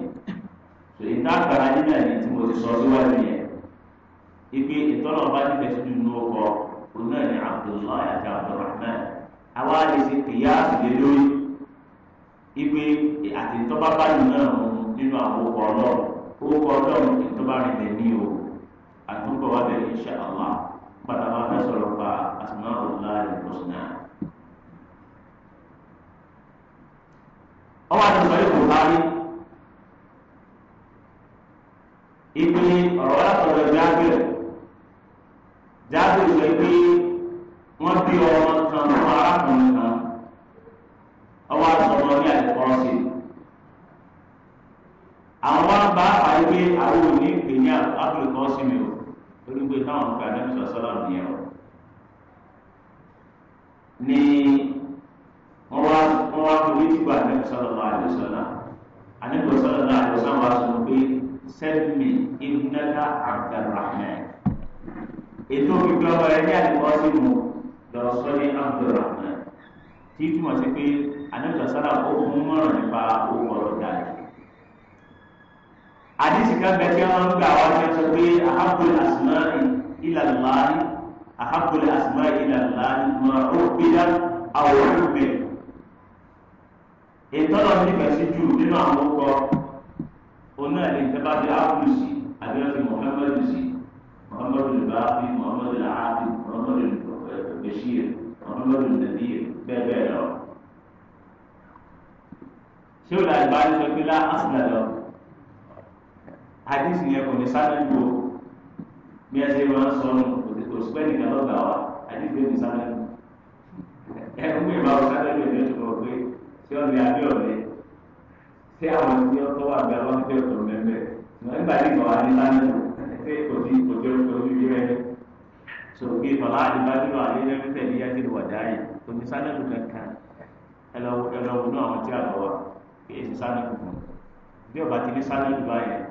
tò ìta gbàrà lé náà yẹn tí mo ti sọ síwájú yẹn ipe ìtọ́lọ́ bá nífẹ̀ẹ́ sí ju olóko òun náà ni Abdullahi àti Abdulrahman àwa lè ṣe kìyà àtìlẹ́ lórí ipe àti ìtọ́ba báyìí náà nínú àwọn ọlọ́run owó ọlọ́run ìtọ́ba rìn lẹ́ Aku bawa dari insya Allah padà máa pa husna ọwọ́ àti saya kò bá rí ibi Jadi látọ̀rọ̀ jábìrì jábìrì orang pé wọ́n bí Awal kan fún arákùnrin kan ini àti ini torí pé táwọn gba ní sọ̀sọ́lá nìyẹn o. ní wọ́n wá wọ́n wá fi wíjì gba ní sọ̀sọ́lá àdìsọ́lá àníkò sọ̀sọ́lá àdìsọ́lá wá sọ pé sẹ́mi ìmúnáta Abdulrahman. ètò ìgbà ọmọ rẹ ní àdìkọ́ sí mu lọ́rọ̀ sọ ní Abdulrahman tí túmọ̀ sí pé àníkò sọ̀sọ́lá ó mú mọ́ràn nípa owó ọ̀rọ̀ dáadáa àdìsí kan bẹ tí wọn gbà wá ní ọjọ́ pé ahabul asma'i ila Allah ahabul asma'i ila Allah ma ubbida aw ubbi ìtọ́lọ̀ nífẹ̀ẹ́ sí jù nínú àwọn ọkọ oní ẹ̀dẹ̀ ìjọba bí ápù sí àbíọ́sí Muhammad sí Muhammad al-Baqi Muhammad al-Aadi Muhammad al-Bashir eh, Muhammad al-Nadir bẹ́ẹ̀ bẹ́ẹ̀ lọ. ṣé o lè àgbáyé sọ pé lá àṣìlẹ̀ lọ hadith yẹn kò ní sáré ju o bí ẹ ṣe máa ń sọ nù kò sí pẹ́ nìkan lọ́gbà wa hadith yẹn ní sáré ju ẹ ń gbé ìbáwọ sáré ju ẹ̀yọ́ tó kọ̀ pé ṣé ọ̀nẹ́ àbí ọ̀nẹ́ ṣé àwọn tí ó tọ́wọ́ àgbẹ̀ wọn ti tẹ̀ ọ̀tọ̀ mẹ́mẹ́ nígbà tí ìgbà wa ní sáré ju ṣé kò sí kò jẹ́ ojú yẹ sọ̀rọ̀ bíi fọlá àdìbájú àlejò tẹ̀lé yájú ní sáré bí ọba ti ní sáré ju báyìí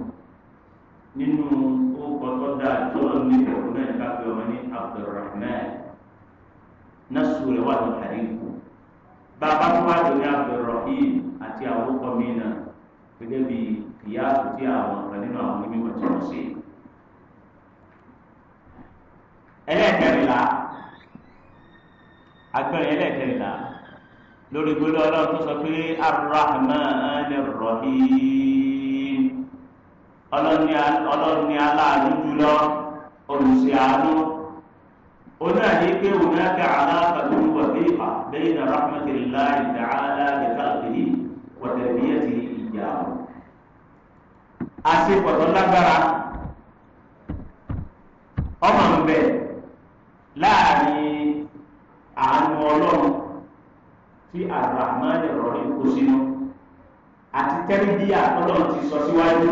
nínú orúkọ tó dáa tọ́lọ́ ní ọ̀rọ̀ náà ká pé ọmọ ní Abdulrahman nasu rẹ̀ wà ní àdínkù bàbá tó wá lórí Abdulrahim àti àwọn orúkọ mìíràn gẹ́gẹ́ bí ìyá àti àwọn kan nínú àwọn onímọ̀ tí wọ́n ṣe. ẹlẹ́ẹ̀kẹrìnlá agbẹ́rẹ́ ẹlẹ́ẹ̀kẹrìnlá lórí gbólóhùn ọlọ́run tó sọ pé Ar-Rahman Ar-Rahim ọlọ́ni aláàánú jùlọ olùsí àánú onáàdé pé onáàkà aláàkàtú wà bẹ́ẹ̀fà bẹ́ẹ̀ na rahmatulahi ta'ala bi khalqihi wa tarbiyatihi iyyahu. àṣepọ̀tọ́ lágbára ọmọ ń bẹ láàrin àánú ọlọ́run tí àràmánì rọrí kó sínú àti tẹ́lifíà ọlọ́run ti sọ síwájú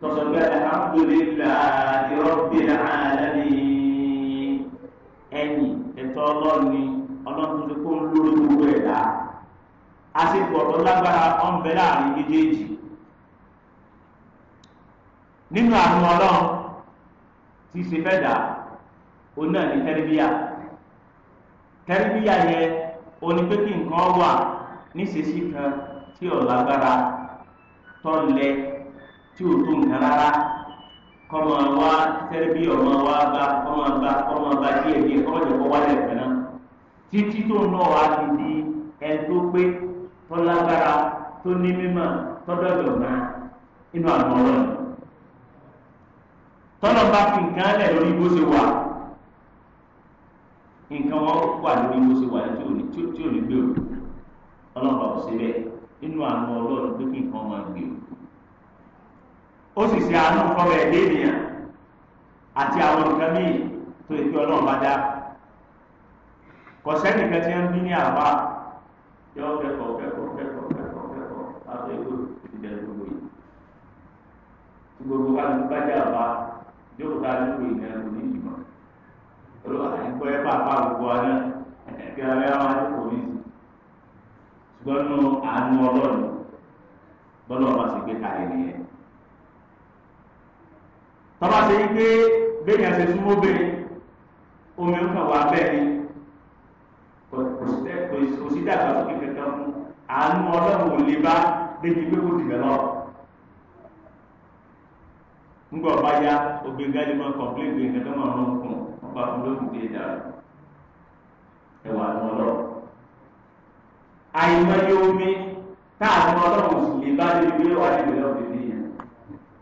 tọ́sọ̀ pé alhamdulillahi rabbil alamin ẹ̀yìn ẹ̀tọ́ ọlọ́ọ̀ni ọlọ́run tó kó ń lórí gbogbo ẹ̀dá àsìkò ọ̀tọ̀ lágbára ọ̀nbẹ láàrin méjèèjì nínú àwọn ọlọ́run tí ṣe fẹ́ dà ó náà ní tẹ́rìbíyà tẹ́rìbíyà yẹn ó ní pé kí nǹkan wà níṣesí kan tí ọ̀ lágbára tọ́ lẹ́ẹ̀ tí ò tó nǹkan rárá kọ́mọ wa sẹ́rẹ́bí ọmọ wa bá kọ́mọ bá kọ́mọ bá díẹ̀ díẹ̀ kọ́mọ jẹ́ kó wálẹ̀ fẹ́ náà títí tó náà wá ti di ẹni tó pé tó lágbára tó ní mímọ̀ tó dọ̀dọ̀ náà inú àgbọ̀n rẹ̀ tọ́lọ̀ bá fi nǹkan lẹ̀ lórí bó ṣe wà nǹkan wọn wà lórí bó ṣe wà tí ò ní tí ò ní gbèrò ọlọ́run bẹ́ẹ̀ inú àgbọ̀n pé kí nǹkan máa gbèrò ó sì ṣe àánú kọ́mọ ẹ̀dẹ́ ènìyàn àti àwọn nǹkan míì tó ìpè ọlọ́run bá dá kò sẹ́nìkan tí wọ́n bí ní àbá yọ kẹ́kọ̀ọ́ kẹ́kọ̀ọ́ kẹ́kọ̀ọ́ kẹ́kọ̀ọ́ kẹ́kọ̀ọ́ láti èkó ìdílé gbogbo yìí tí gbogbo ká ló bá jẹ́ àbá yóò ká ló pè ní ẹ̀rù ní ìmọ̀ olùwà ẹ̀kọ́ ẹ̀ bá bá gbogbo wa náà ẹ̀kẹ́ ara ẹ̀ wá ní pòlísì ṣùgbọ́n nínú àánú ọlọ́run bọ́lá ọba sì gbé kalẹ̀ nìyẹn tọ́ba ṣe yí pé bẹ́ẹ̀ yẹn ṣe súnmọ́ bẹ́ẹ̀ omi ń kàn wá bẹ́ẹ̀ ni kò sí dàgbàsókè kankan fún àánú ọlọ́run ò lè bá débi pé kò dìbẹ̀ lọ. ńgbọ̀ bá yá obìnrin gáàdì máa kọ̀m̀pléǹ pé nǹkan máa ń kùn ọba fún lókùn dé dà ẹwà àánú ọlọ́run. àìmọye omi tá àánú ọlọ́run ò sì lè bá débi pé wà dìbẹ̀ lọ́dẹ.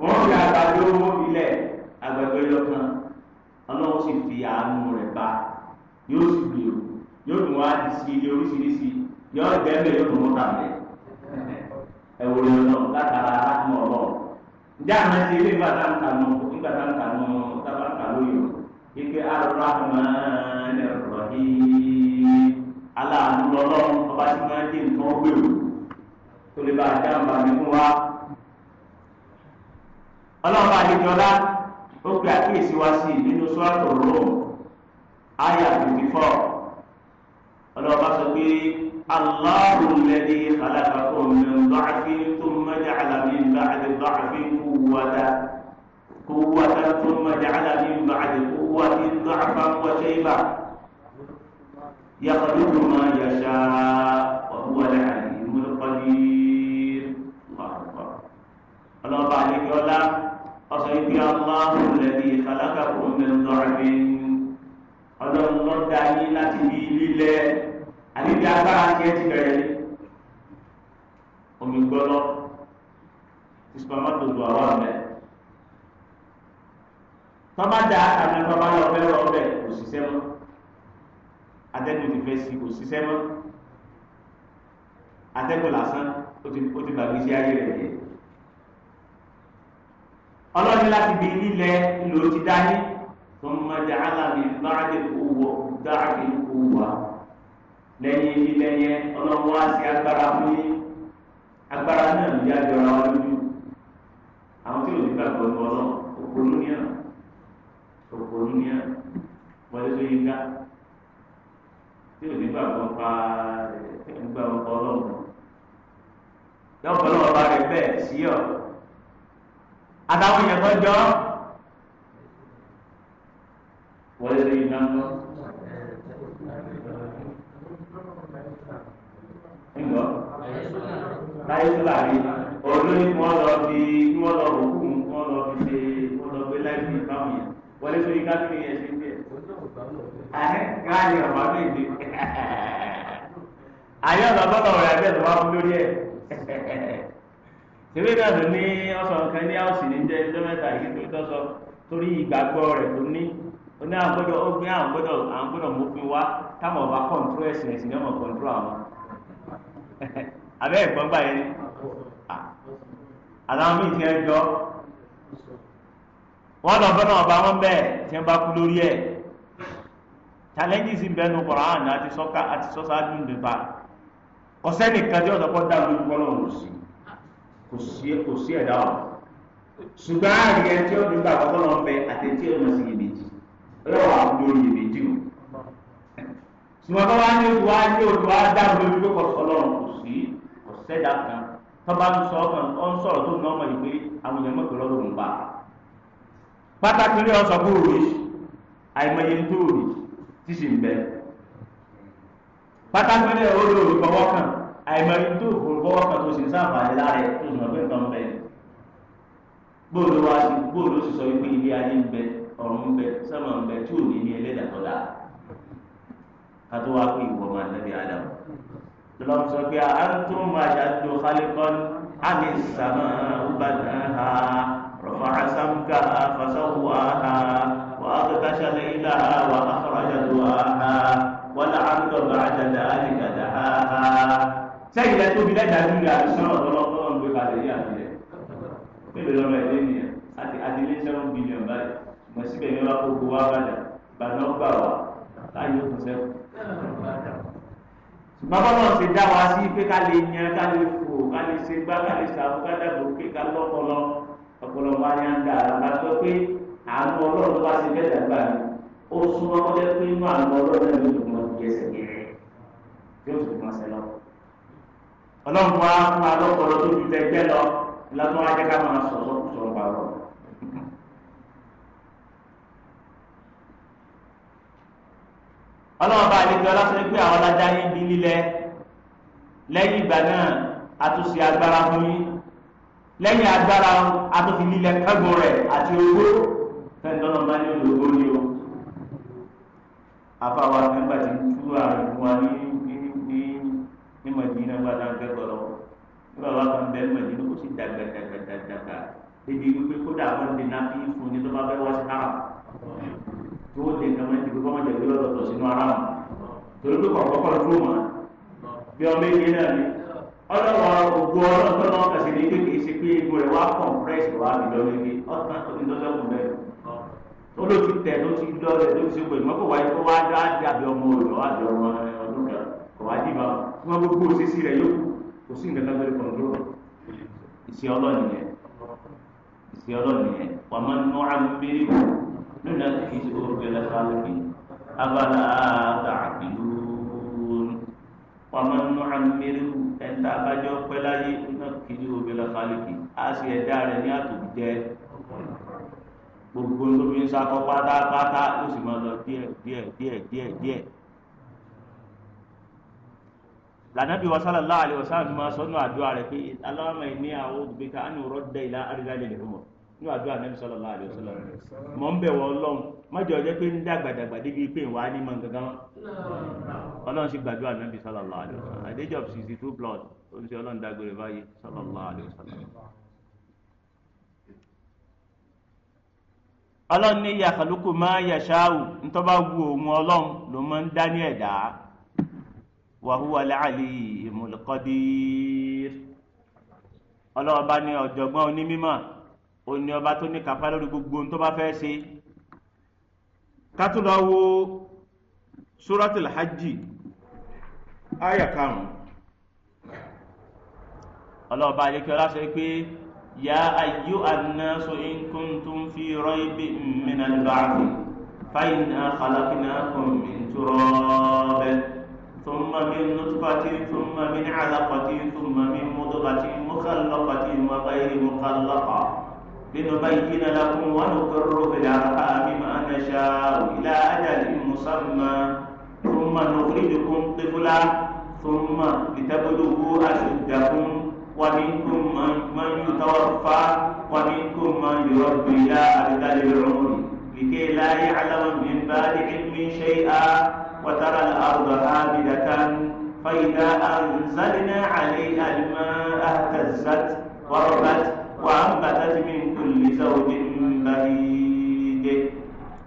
wọ́n fi àgbàdo owó ilẹ̀ àgbàdo ẹlọ́kan ọlọ́wọ́ sì fi àánú rẹ̀ bá yóò sì gbèrò yóò tún wá di sí ilé oríṣiríṣi yóò gbẹ́mẹ̀ yóò tún mú tàbí ẹ̀wòrán ọlọ́run látara látìmọ̀ ọlọ́run ǹjẹ́ àmọ́ ti ilé ìgbà tá ń kà nù ìgbà tá ń kà nù tábà kà lóyò wípé Ar-Rahman Ar-Rahim aláàánú lọ́lọ́run ọba tí wọ́n á dé nǹkan gbèrò tó lè bá a já nǹkan mi fún wa ọlọ́ọ̀bá àdìjọlá ó pe àkíyèsí wá sí nínú sọ́ọ̀tò rome aya fifty four ọlọ́ọ̀bá sọ pé aláàbò lẹ́ni alábàkọ́ mẹ́ńdọ́ àfi tó mẹ́jọ àlàmì ńlá àdìgbọ́ àfi kú wáta. قوة ثم جعل من بعد قوة ضعفا وشيبا يخلق ما يشاء وهو العليم القدير الله أكبر الله عليك ولا ọsọ ibi aláhùn lẹbi ìkàlákàkùn mẹndọrẹmí ọlọ́run ló dá yín láti bí lílẹ àbíbi agbára tiẹ̀ ti bẹ̀rẹ̀ ní omi gbọlọ ìsúpamọtò tó àwọn àmẹ tọ́ba dá àmì tọ́ba lọ fẹ́ lọ bẹ̀ kò ṣiṣẹ́ mọ́ atẹ́gùn ti fẹ́ sí kò ṣiṣẹ́ mọ́ atẹ́gùn lásán ó ti gbàgbé sí ayé rẹ̀ yẹn ọlọ́run láti bí lílẹ̀ ló ti dání tó ń mọ jàǹdà mi báàdì owó dáàbì owó lẹ́yìn lílẹ̀ yẹn ọlọ́run wá sí agbára fún yín agbára náà ló yá jọra wọn lójú àwọn tí òbí bá gbọ́ lọ òpònú ní àná òpònú ní àná wọlé tó yín ká tí òbí bá gbọ́ pa ẹgbẹ́ ọkọ ọlọ́run yọ̀ọ́ bọ́lá ọba rẹ̀ bẹ́ẹ̀ sí ọ̀ àtàwọn èèyàn tó jọ wọlé lè yín náà lọ. ńgbọ́ láyé fúlàní olóyún kí wọ́n lọ fi kí wọ́n lọ òkú kí wọ́n lọ fi ṣe wọ́n lọ gbé láì fi báwọn yẹn wọlé lè yín káfíń yẹn ṣe bẹ́ẹ̀. ààrẹ káàdì ọ̀bá méje ayé ọ̀nà bọ́tọ̀ rẹ̀ bẹ́ẹ̀ ló wá fún lórí ẹ̀. ìwé ìdàgbò ní ọ̀sán kan ní àwòsì ní jẹ́ ẹjọ́ mẹ́ta tó sọ torí ìgbàgbọ́ rẹ̀ tó ní oní àgbọ́dọ̀ ó gbé àwọn gbọ́dọ̀ mọ́fin wá táwọn ọba kọ̀ǹtró ẹ̀sìn ẹ̀sìn ní ọmọ kọ̀ǹtró àwọn abẹ́ ẹ̀gbọ́n àtàwọn míì ti ń jọ lọ bọ́nà ọba wọn bẹ́ẹ̀ tí wọ́n bá kú lórí ẹ̀ challenges ń kò sí ẹ̀dá ọ̀ ṣùgbọ́n àárín ẹni tí ó dùn gbàgbọ́ bọ́lá ń bẹ àti tí ó lọ sí iyèméjì ọlọ́wọ́ àwọn lórí iyèméjì o ṣùgbọ́n bá wá ní oṣù wá ní oṣù wá dá lórí pé ọlọ́run kò sí kò sẹ́dá kan tó bá ń sọ ọkàn ó ń sọ̀rọ̀ tó ń nọ́ọ̀mọ̀ yìí pé àwọn èèyàn mọ̀tò lọ́dọ̀ ń bá pátákì rí ọsàn kó rí àìmọye tó rí tí sì ń bẹ pátákì rí ọ̀rọ̀ òrùkọ̀wọ́ àìmọ̀rí tó ìfowópamọ́ kan tó ṣe ń sáǹfààní lára ẹ̀ tó sùn ọ̀gbẹ́ nǹkan bẹ́ẹ̀ ni bóòlù wa sí bóòlù sì sọ wípé ilé ayé ń bẹ ọ̀run ń bẹ sọ́mọ̀ ń bẹ tí ò ní ní ẹlẹ́dàá tó dáa ká tó wá pé ìwọ máa nàbí Ádámù lọ́m sọ pé a ń tó máa ṣàtúntò kálíkọ́n àmì sàmà ọ̀bàdàn ha rọ̀fà àṣàmùkà fàṣàwùwà ha wà á tó táṣà lẹ́yìn náà wà á fọ̀rọ̀ àjàdùwà ha wà á làǹdọ̀ sẹ́yìn lẹ tóbi lẹ́dà lórí àdìsán ọ̀dọ́lọ́ tọ́lọ́ ń gbé kalẹ̀ yé àti rẹ̀ pépè lọ́mọ ẹ̀dẹ́ nìyẹn àti àdìlé sẹ́wọ̀n bílíọ̀n báyìí mọ̀ síbẹ̀ yẹn wá gbogbo wá bàjẹ́ bàjẹ́ ọgbà wá láyé òkú sẹ́wọ̀n. ṣùgbọ́n bọ́lá ṣe dá wa sí pé ká lè yan ká lè fò ká lè ṣe gbá ká lè ṣàwọn ká dàgbò pé ká lọ́pọ̀lọ́ ọ̀pọ̀lọ́ wa ni à ń yóò tún mọ́ sẹ́lọ́ọ̀ ọlọ́run wa fún alọ́kọ̀ọ́lọ́ tó ju tẹgbẹ́ lọ lọ́tún wa jẹ́ ká máa sọ̀rọ̀ sọ̀rọ̀ bàrọ̀. ọlọ́run bá àlejò ọlásán pé àwọn ọlájà yín di lílẹ̀ lẹ́yìn ìgbà náà àtúnṣe agbára fún yín lẹ́yìn agbára àtúnṣe lílẹ̀ kẹ́gùn rẹ̀ àti owó fẹ́ńtọ́nà máa ń lò ó ní o. àfàwọn akẹ́kọ̀ọ́ ti ń tú àrùn fún wa ní ní Madina gba náà kẹ́kọ̀ọ́ lọ ní bàbá kan bẹ́ẹ̀ Madina kò sí dàgbàdàgbàdàgbà débi wípé kódà wọn di náà fi fún ní tó bá fẹ́ wá sí haram tó o dé nǹkan mẹ́tìkì kọ́ máa jẹ̀bi lọ́dọ̀ sínú haram torí pé kọ̀ọ̀kọ́ kọ́ ló fún wọn bí ọmọ èyí náà ni ọlọ́wọ́ ògùn ọlọ́tọ́ náà kàṣí ní pé kìí ṣe pé egun rẹ̀ wá compress wá mi lọ lé ọ̀tún àtọ́jú lọ́lọ́kùn bẹ́ẹ̀ ó ló ti tẹ̀ ló ti lọ rẹ̀ ló ti ṣe pé ìmọ̀kò wáyé kó wá dá àbí ọmọ òòlù àbí ọmọ ọdún kan kò wá dì bá wọn wọn gbogbo òṣìṣì rẹ yóò kò sí nǹkan lábẹ́rẹ́ kọ̀ọ̀dọ́ ìṣe ọlọ́ọ̀nì yẹn ìṣe ọlọ́ọ̀nì yẹn wà máa ń nú wò nínú àti kìí ṣe orúkọ ẹlẹ́sà lókè abala àtàkìlú wà máa ń nú àmúbẹ́rẹ́ wò ẹ̀ńtà abájọ́ pẹ́ láyé nínú àti kìí ṣe orúkọ ẹlẹ́sà lókè á sì ẹ̀dá rẹ̀ ní àtòkù jẹ́ gbogbo tóbi ń sakọ pátápátá ó sì máa lọ díẹ̀ díẹ̀ díẹ̀ díẹ̀ díẹ̀ lànàbí wa sallallahu alayhi wa sallam máa sọnù àdúrà rẹ̀ pé Allahumma inni a'udhu bika an uradda ila ardhalil umur ní àdúrà nàbí sallallahu alayhi wa sallam mọ̀ ń bẹ̀ wọ ọlọ́run mọ́jọ jẹ́ pé ń dàgbàdàgbà débi pé ìwà ní mọ̀ gangan ọlọ́run sì gbàdúrà nàbí sallallahu alayhi wa sallam àdéjọ́ sixty two blood ó ń ṣe ọlọ́run dágbére báyìí sallallahu alayhi wa sallam. ọlọ́run ní yàkàlùkù máa yàṣáù wàhúwà láàlì ìmùlùkọ́dìr ọlọ́ọ̀bá ní ọ̀jọ̀gbọ́n onímímọ̀ òní ọba tó ní kápá lórí gbogbo ohun tó bá fẹ́ ṣe kátólọ́ wo suratul hajj ayà karùn-ún ọlọ́ọ̀bá adékẹ́ ọlá sọ pé yá ayú annasu in kuntum fi raybi min al-ba'th fa inna khalaqnakum min turab ثم من نطفة ثم من علقة ثم من مضغة مخلقة وغير مخلقة لنبين لكم ونقر في الأرحام ما نشاء إلى أجل مسمى ثم نخرجكم طفلا ثم لتبلغوا أشدكم ومنكم من يتوفى ومنكم من يرد إلى أبدال العمر لكي لا يعلم من بعد علم شيئا وترى الأرض هامدة فإذا أنزلنا عليها الماء اهتزت وربت وأنبتت من كل زوج بهيج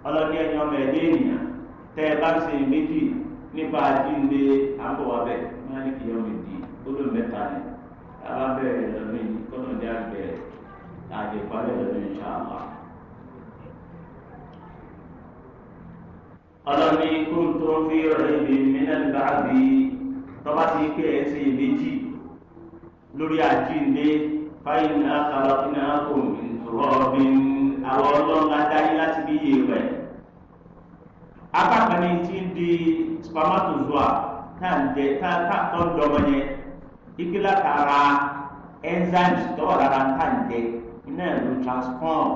ọlọ́ni ẹ̀yin ọmọ ẹ̀dẹ́ ènìyàn tẹ́ ẹ bá ń ṣe méjì nípa àjínde àbọ̀wábẹ̀ máa ní kìí ọmọ ìdí olóńgbẹ́ta ni alábẹ́rẹ̀ lọ́dún yìí kọ́nà dé àgbẹ̀ àjẹpálẹ̀ lọ́dún yìí ṣáà wà. ọlọ́ni kúntó fi rẹ̀bi mílẹ̀ báàbí tọ́ba ti pé ẹsẹ̀ méjì lórí àjíǹde fáyìn àkàrà fúnà kò rọ̀bì àwọn ọlọ́ńlá dáyé láti bí iye rẹ̀. apákanì ti ń di spamatozoa tá ń jẹ tá tó ń dọmọ yẹn ike látara enzymes tó wà lára tá ń jẹ iná ẹ̀ ló transform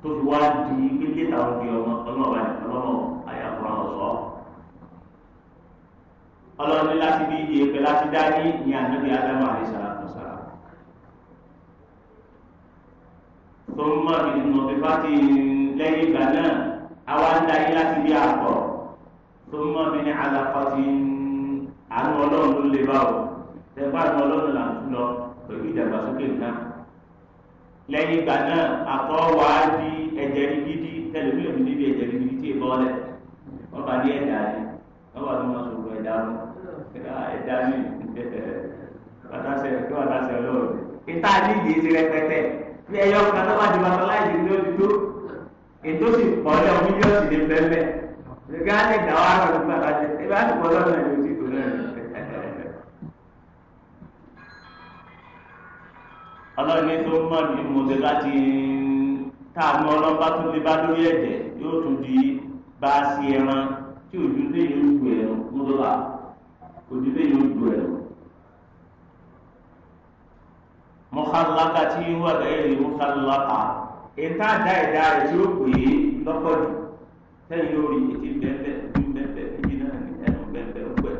tó fi wá di ilé táwọn di ọmọ ọlọ́wà ọlọ́wọ́ gbọ́dọ̀ sọ. ọlọ́run láti bí ìyẹ̀pẹ̀ láti dání ní ànábì ádámù àdìsára tó sára. tó ń mọ̀ bí nínú pípa ti lẹ́yìn ìgbà náà àwa ń darí láti bí àpọ̀ tó ń mọ̀ bí ní àlàkọ́ ti àánú ọlọ́run ló lè bá o tẹ̀gbá àánú ọlọ́run là ń tún lọ pẹ̀lú ìdàgbàsókè nǹkan. lẹ́yìn ìgbà náà àtọ́ wàá di ẹ̀jẹ̀ rí gidi tẹlifílẹ̀ mi níbi ẹ̀jẹ̀ rí gidi tí ì bọ́ lẹ̀ wọ́n bá ní ẹ̀dá ni wọ́n bá tó máa sọ̀rọ̀ ẹ̀dá lọ ẹ̀dá ni látàṣẹ tó látàṣẹ ọlọ́run ìta ní ìyè ti rẹpẹtẹ bí ẹyọ kan bá ti wà láì di ló ti tó ètò sì pọ̀ lẹ́ mílíọ̀nù ní bẹ́ẹ̀ gẹ́gẹ́ á lè dá wà lọ́dún bàbá jẹ ẹ bá ti pọ̀ lọ́dún ẹ̀ ló ti tó náà ọlọ́run ní tó mọ̀ ní mo ti láti tá a mọ tó lè bá lórí ẹ̀jẹ̀ yóò tún di bá a ṣe ẹran tí ojú lè yóò ju ẹ̀rọ mọ́tòlá ojú lè yóò ju ẹ̀rọ. mọ́kànláka tí wà lẹ́yìn mọ́kànláka ìta àdá ìdá rẹ̀ tí ó pè é lọ́pọ̀ jù tẹ́yìn lórí etí bẹ́ẹ̀ ojú bẹ́ẹ̀ ibi náà ní ẹnu bẹ́ẹ̀ ó pẹ̀.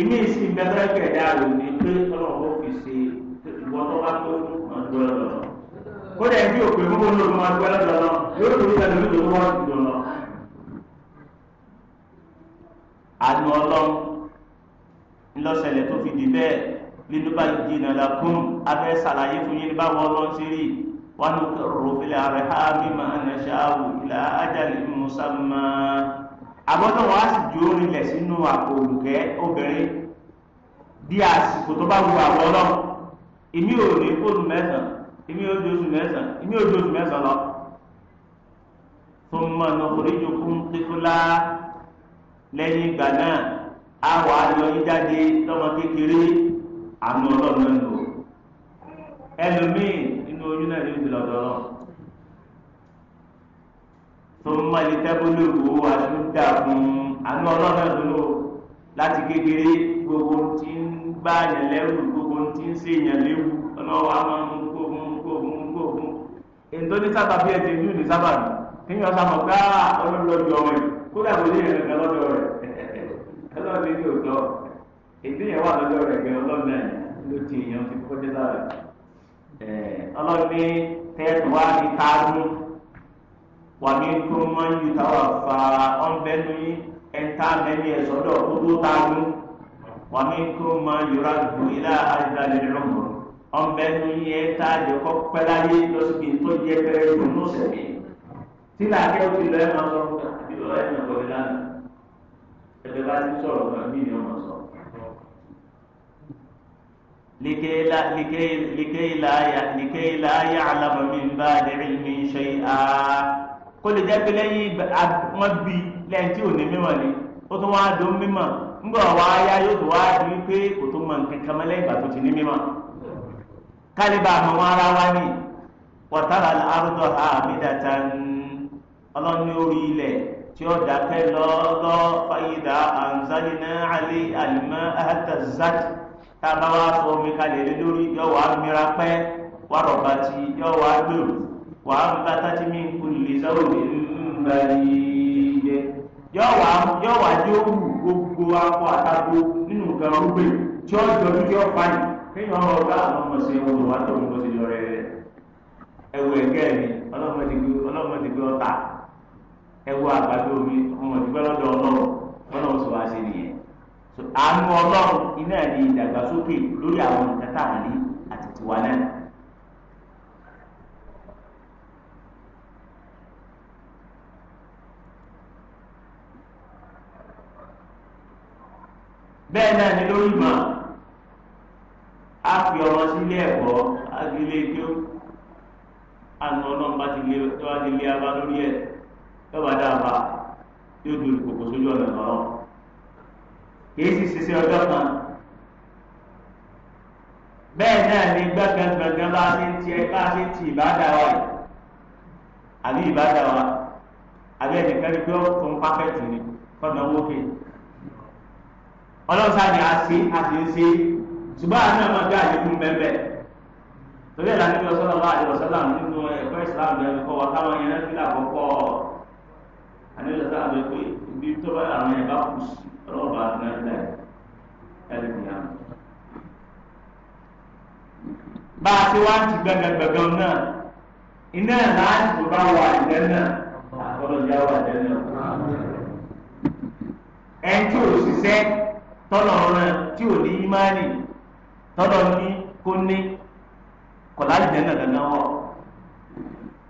ilé ìsìn bẹ́ẹ̀ bẹ́ẹ̀ dá rẹ̀ ní pé ọlọ́run ó fi ṣe ìwọ́n tó bá tó ọdún ọlọ́run kódà ẹbí òpè mú wọn lòdùn wọn gbọ́dọ̀ lọ́nà yóò tó ní ẹni lòdùn wọn lòdùn lọ́nà. àánú ọlọ́run ńlọ́sẹ̀lẹ̀ tó fi di bẹ́ẹ̀ nínú bá jìnnà lakum abẹ́ sàlàyé fún yín báwo ọlọ́run ti rí wọn ló rò fílẹ̀ ààrẹ ha mi máa ń ṣe àwò ìlà ájàlè mùsàmá àbọ̀dọ̀ wọn á sì jó rinlẹ̀ sínú àpò òǹkẹ́ obìnrin bí àsìkò tó bá wu àwọn ọlọ́run èmi ò ní kóòdù mẹ́sàn-án èmi ò dóòdù mẹ́sàn-án èmi ò dóòdù mẹ́sàn-án lọ. tó mọ̀ nà kò lẹ́yìn ìgbà náà a wà á yọ yíjáde lọ́mọ kékeré àmì ọlọ́run lò ẹlòmíì nínú oyún náà yóò tó ń mọ̀lẹ́ tẹ́bólú wo àdúgbà fún àmì ọlọ́run lò láti kékeré gbogbo tí ń yẹn lẹ́rù gbogbo tí ń ṣe yẹn léwu ọlọ́wọ́ kó fún kó fún kó fún ètò ní kódà kò ní ìrìn kan lọ́dọ̀ rẹ̀ ọlọ́run ní òótọ́ ètò yẹn wà lọ́dọ̀ rẹ̀ gan ọlọ́run náà ló ti èèyàn ti kọjá lára ọlọ́run ní tẹ́tù wá ní káàdì wà ní tó máa ń yùtà wà fà ọ̀nbẹ ní ẹ̀ńtà mẹ́lì ẹ̀sọ́dọ̀ tó tó táàdì wà ní tó máa yọra dùn ilá àdìdàlẹ̀ lọ́mọ ọ̀nbẹ ní ẹ̀ńtà àjẹkọ́ pẹ́láyé lọ́sibí jẹ́ pẹ́rẹ́ dùn ní ọ̀sẹ̀ yìí tí làákẹ́ òsì lọ ẹ̀ máa sọ fún mi lọ ẹ̀ máa sọ mi lánàá ẹ̀fẹ̀ bá ti sọ̀rọ̀ kan mí ni ọmọ sọ. lìkẹ́ ilà ayé àlàmà mi bá dẹ̀rẹ̀ mi ṣe à kó lè jẹ́ pé lẹ́yìn wọ́n bí lẹ́yìn tí ò ní mímọ̀ ni ó tún wáá dùn mímọ̀ ńgbà wá yá yóò tún wáá di pé kò tó mọ nǹkan kan mọ́lẹ́ tó ti ní mímọ̀ kálíbà àwọn ará wa ní wọ́n tára àrùtọ̀ àmì dàtà ń ọlọ́ni orí ilẹ̀ tí ó dákẹ́ lọ́ọ́lọ́ fàyídà àǹzálínà alẹ́ àlùmọ́ àtàzát tá a bá wá sọ omi kalẹ̀ lé lórí yọ wàá mìíràn pẹ́ wà rọ̀bà tí yọ wàá gbèrú wàá bá tàtí mi kú lè sọ̀rọ̀ mi nbàlí jẹ yọ wàá yọ wàá jẹ́ òwú gbogbo akọ àtàkó nínú nǹkan rúgbìn tí ó jọ ojú tí ó fa kéèyàn ọ̀rọ̀ ọ̀gá àwọn ọmọ sí olùwàtò olùkọ́sí lọ́rẹ́ rẹ̀ ẹ̀wù ẹ̀gẹ́ mi ọlọ́mọdé gbé ọta ẹwọ àgbàdo mi wọn ti gbọ́dọ̀ dọ̀ ọlọ́run wọn náà sọ wá sí nìyẹn àánú ọlọ́run iná ní ìdàgbàsókè lórí àwọn nǹkan tá à ń rí àti tiwa náà. bẹ́ẹ̀ náà ni lórí mọ́ a fi ọmọ sílé ẹ̀kọ́ a fi lé kí àánú ọlọ́run bá ti lé abá lórí ẹ̀ yọba dáàbà yóò dorí kòkò sójú ọ̀nà lọ́rọ́ kì í sì ṣiṣẹ́ ọjọ́ kan bẹ́ẹ̀ náà ni gbẹ̀gbẹ̀gbẹ̀gbẹ̀ bá ṣe ń tiẹ̀ bá ṣe ń ti ìbádà wa yìí àbí ìbádà wa àbí ẹnìkan ní pé ó ń pápẹ́tì ni kọ́nà owó kè ọlọ́sàn ni a ṣe a ṣe ń ṣe ṣùgbọ́n àti ọmọ ọjọ́ àdínkù bẹ́ẹ̀ torí ẹ̀ lànà ìjọsọ́nà wa àdìbọ̀sọ́nà nínú ẹ̀kọ́ ìsìlámù ẹ̀kọ́ wa táwọn yẹn ń àníyàn sáà lè pé ibi tó bá àwọn ẹ̀ bá kù sí ọlọ́ọ̀bá àtúnyẹ̀dá ẹ̀ ẹ̀ lè bá a ti wá ti gbẹgbẹgbẹgbẹ náà iná láti tó bá wà ìlẹ náà àkọlọjà wà ìlẹ náà ẹni tí ò ṣiṣẹ́ tọ́nà ọ̀ràn tí ò ní ìmánì tọ́nà ní kó ní kọ̀lájì náà dandan wọ̀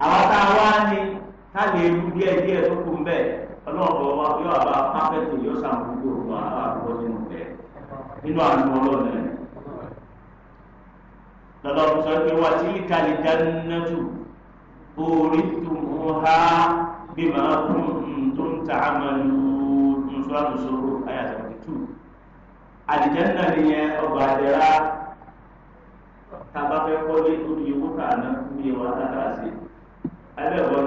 àwọn tá a wá ní káàlì ewu díẹ̀ díẹ̀ tó kù mbẹ ọlọ́ọ̀bọ̀ wa yọ àbá pápẹ́tì yọ sàn gbogbo òkú àbáwọ̀ nínú bẹ̀ nínú àánú ọlọ́ọ̀nà lọ́lọ́ọ̀bù sọ pé wà sí ìkàlì dánilẹ́tù orí tùmù ha bí màá kún tó ń ta àmàlù nṣúwàtò sọ̀rọ̀ àyà seventy two àlìjẹ́nà nìyẹn ọgbà àdẹ́rà tábàfẹ́ kọ́lé tó yẹ kó kà á náà kú yẹ wá látàá sí abẹ́ wọ́n.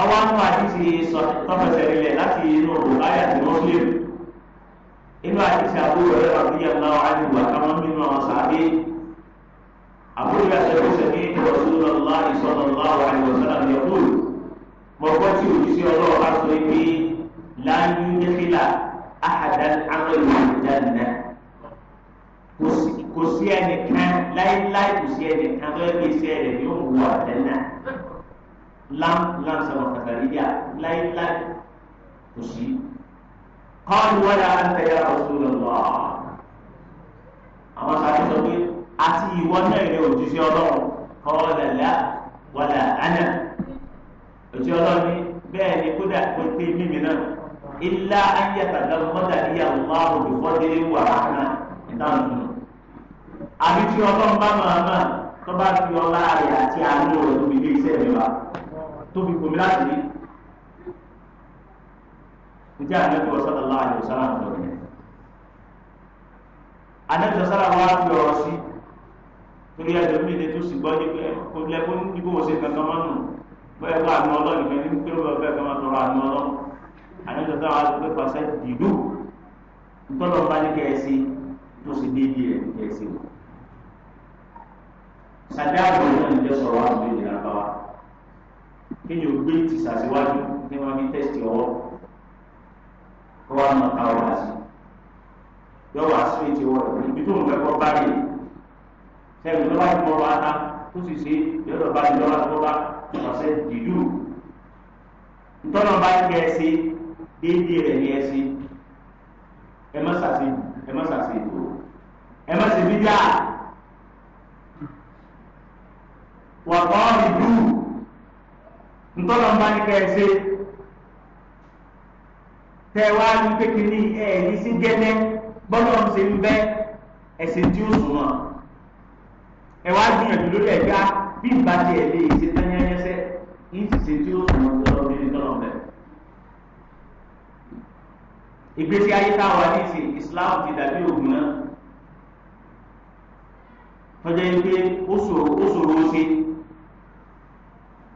àwọn àwọn àdìsí tọ́fẹsẹ̀ nílẹ̀ láti inú bùkáyà àti Muslim inú àdìsí àbúrò rẹ̀ rọ̀bí ẹ̀ná àdìwà kámọ́ nínú àwọn sàbí àbúrò rẹ̀ sẹ́kọ̀ọ́sẹ̀ ní Rasulullah sallallahu alaihi wasallam yaqul mọ̀gbọ́n tí òjíṣẹ́ ọlọ́run bá sọ pé láyé nífìlà ahadan amẹ́lú àjànà kò sí ẹnìkan láéláé kò sí ẹnìkan tó yẹ kí iṣẹ́ rẹ̀ yóò wù àjànà lam lam sama kataria lain-lain kursi qalu wala anta ya rasulullah àwọn sáré sọ pé àti ìwọ náà ilé òjíṣẹ́ ọlọ́run kọ́ọ̀lẹ̀ lá wàlà ánà òjíṣẹ́ ọlọ́run ní bẹ́ẹ̀ ni kódà pé pé mímì náà ilá ayé tàbí mọ́tà ní àwọn márùn ìfọ́dé wà ánà ìdáhùn nù. àbí tí ọlọ́run bá máa máa tó bá fi ọlá rẹ̀ àti àánú rẹ̀ tóbi dé iṣẹ́ mi wá tó fi gbomi láti rí ìdí ànábì ọ̀sán aláwọ̀ àyè ọ̀sán àwọn ọ̀dọ́ yẹn ànábì ọ̀sán àwọn á fi ọ̀rọ̀ sí torí ẹ̀jẹ̀ mi lè tó sì gbọ́ ní pé kò lẹ́ kó ní bó ṣe kankan mọ́ nù bẹ́ẹ̀ bá àánú ọlọ́ọ̀nì kan ní pé wọ́n fẹ́ẹ́ kan máa tọrọ àánú ọlọ́ọ̀ ànábì ọ̀sán àwọn á fi pàṣẹ dìdú ntọ́lọ́ bá ní kẹ́ẹ̀sì tó sì déédéé rẹ̀ ní kẹ́ẹ̀sì wò sàdáàbò náà ń jẹ́ sọ̀rọ̀ àbúrò ìdílábáwá kéèyàn gbé ti sàṣíwájú ní wọn fi tẹ́sítì ọwọ́ kó wá mọ ta ọ̀rọ̀ àṣì yọ̀wọ̀ àṣì ti wọ̀ ibi tó ń fẹ́ kọ́ bá yìí sẹ́yìn tó bá ti mọ̀ wá ná tó sì ṣe yọ̀dọ̀ bá yìí lọ́wọ́ tó bá ọ̀sẹ̀ dìdú ntọ́nà bá ń kẹ́ ẹ sí déédéé rẹ̀ ní ẹ sí ẹ má sàṣe ẹ má sàṣe ìdúró ẹ má ṣe bíjà wà kọ́ ìdúró ntọ́lọ̀ ń bá ní kẹ́ẹ̀ṣe tẹ́ wá ní kékeré ẹ̀ ní sí gẹ́lẹ́ bọ́lọ̀ ń ṣe ń bẹ́ ẹ̀sìn tí ó sùn wọn ẹ wá gbìyànjú lórí ẹ̀gá bí ìgbà tí ẹ̀ lè ṣe tán yányẹ́sẹ́ ní ti ṣe sùn wọn tọ́lọ̀ bí tọ́lọ̀ bẹ̀. ìgbésí ayé táwa ní ìsìn Islam ti dàbí ògùn náà tọ́jà yìí pé ó ṣòro ó ṣòro ó ṣe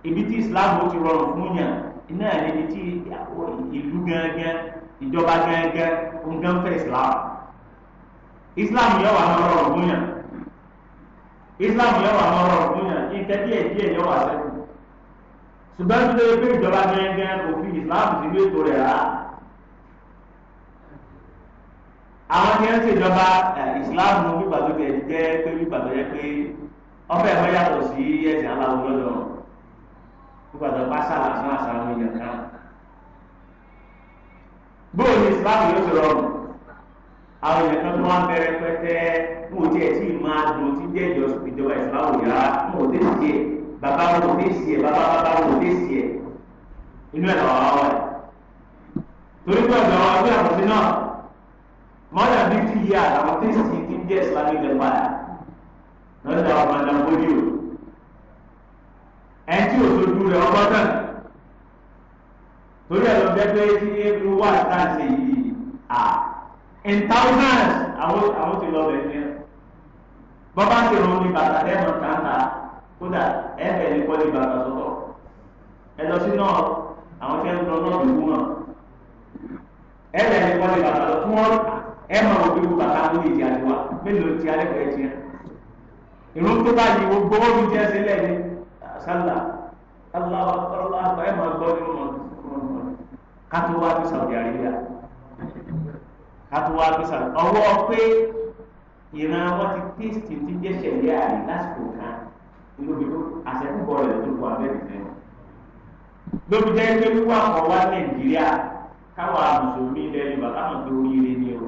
ibi tí islam ó ti rọrùn fún yàn náà níbi tí ìlú gángan ìjọba gángan òǹgán fẹ́ islam islam yẹ wà máa rọrùn fún yàn islam yẹ wà máa rọrùn fún yàn nǹkan díẹ̀ díẹ̀ yẹ wà sẹ́kù ṣùgbọ́n tó lè pé ìjọba gángan kò fi islam sínú ètò rẹ̀ rà àwọn tí wọ́n ṣèjọba islam ní bíbà tó jẹ́ pé bíbà tó jẹ́ pé ọbẹ̀ ẹ̀fọ́ yàtọ̀ sí ẹ̀sìn aláwọ̀ lọ́dọ̀ọ́ nígbà tó bá sàlà fún àṣà àwọn èèyàn kan. bóò ní ìsìláàmù yóò ti rọrùn àwọn èèyàn kan tó wá bẹ̀rẹ̀ pẹ́tẹ́ mú òtí ẹ̀ tí máa dùn tí jẹ́ ìjọba ìsìláàmù yá mú òtí ẹ̀ sí ẹ̀ bàbá mú òtí ẹ̀ sí ẹ̀ bàbá bàbá mú òtí ẹ̀ sí ẹ̀ inú ẹ̀ lọ́wọ́ wọ̀ ẹ̀. torí pé ọ̀dọ̀ ọdún àkọsí náà mọ́tà bíi ti yí àtàwọn tí ì sí ti jẹ́ ìsìláàmù yẹn padà lọ́sọ̀rọ̀ ọmọdé ẹni tí òṣojú rẹ̀ ọgbọ́dọ̀ torí ẹ̀ ló jẹ́ pé tí ebi yìí à in thousands àwọn àwọn ti lọ bẹ̀ ní ẹ bọ́bá ti rún ní bàtà lẹ́nu kódà ẹ bẹ̀ ní bàtà sọ̀tọ̀ ẹ lọ sí náà àwọn tí ẹ ń lọ náà náà ẹ bẹ̀ ní bàtà lọ fún ọ ẹ máa wọ bí bàtà sálà aláwọ ọlọlọ àgbà ẹ máa gbọ́ nínú ọdún kátó wá bí Saudi Arabia kátó wá bí Saudi ọwọ́ pé ìran wọn ti tíìsì ti jẹ́ sẹ̀lẹ̀ àrí lásìkò kan ìlúbìlú àṣẹkùbọ̀ rẹ̀ tó wà bẹ́ẹ̀ fẹ́ lóbi jẹ́ pé wíwà kọ́ wá Nàìjíríà káwa mùsùlùmí ilẹ̀ Yorùbá káwọn tó yíire ni o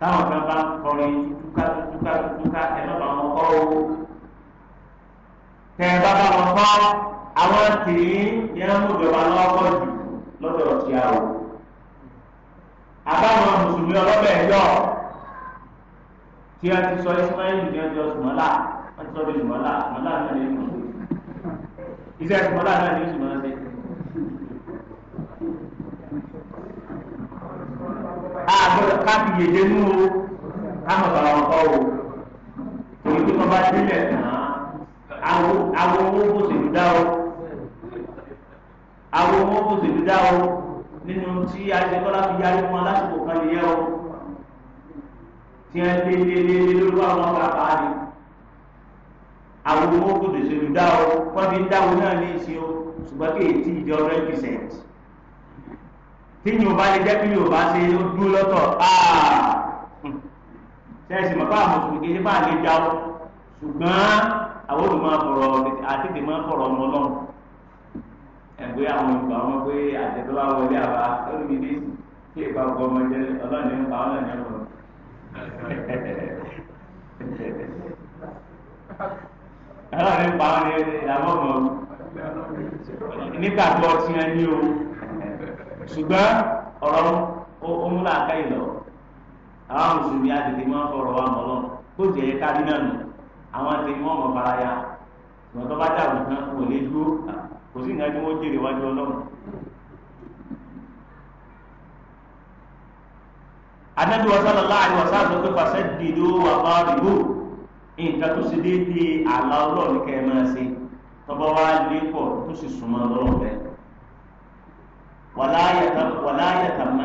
táwọn kan bá ń kọrin túká túká túká ẹ̀ lọ́ba wọn kọ́ owó tẹ bá bá wọn kọ́ àwọn tì í ní amújọba lọ́kọ́ jù lọ́dọ̀ tí a wò. àbáwọn mùsùlùmí ọlọ́bẹ̀ ẹ̀yọ́ tí a ti sọ ismail ní ọjọ́ sùmọ́lá wọ́n ti sọ bí sùmọ́lá sùmọ́lá náà lè mọ̀ iṣẹ́ sùmọ́lá náà lè sùmọ́lá sí. àgbẹ̀ káàkiri nù ú káàmù bàbá wọn kọ́ wò. èyí tó bá délẹ̀ tán àwọn àwọn owó kò sì dá o àwọn owó kò sì dá o nínú tí Adékọ́lá fi yára wọn lásìkò kan nìyẹn o tí wọn lé lé lé lé lórí àwọn ọba àbáyé àwọn owó kò sì dá o wọn fi o náà ní ìsìn o ṣùgbọ́n kí èyí tí ìjọ hundred percent tí yorùbá lè jẹ́ kí yorùbá ṣe ó dúró lọ́tọ̀ ah! ṣẹ́ẹ̀sì mọ̀ fáwọn mùsùlùmí kì í ṣe máa lè jáwọ́ ṣùgbọ́n àwọn olùmọ̀ àfọ̀rọ̀ àti tèmọ̀ àfọ̀rọ̀ ọmọ náà ẹgbẹ́ àwọn ìgbà wọn pé àtẹ̀tọ́ bá wọlé àwa lórí mi ní kí ìgbà ọgbọ́n ọmọ jẹ ọlọ́ọ̀ni ń pa ọlọ́ọ̀ni ọmọ. ọlọ́ọ̀ni ń pa ọ́ ní ìlànà ọmọ nígbà tó ọtí yẹn ní o ṣùgbọ́n ọ̀rọ̀ òmùlà káyìí lọ àwọn mùsùlùmí àtẹ̀tẹ̀ máa ń fọ̀rọ̀ wa mọ́ lọ bó jẹ́ kárí náà nù àwọn ti wọn mọ fara ya wọn tó bá dàrú kan wọn lè dúró kò sí nǹkan tí wọn jèrè wájú Ọlọ́run. anabi sallallahu alaihi wasallam pé pàṣẹ dìdó wà bá dìbò nǹkan tó ṣe déédéé àlà Ọlọ́run kẹ máa ṣe tọba wa lé pọ tó sì súnmọ́ Ọlọ́run rẹ wàláyàtàmọ wàláyàtàmọ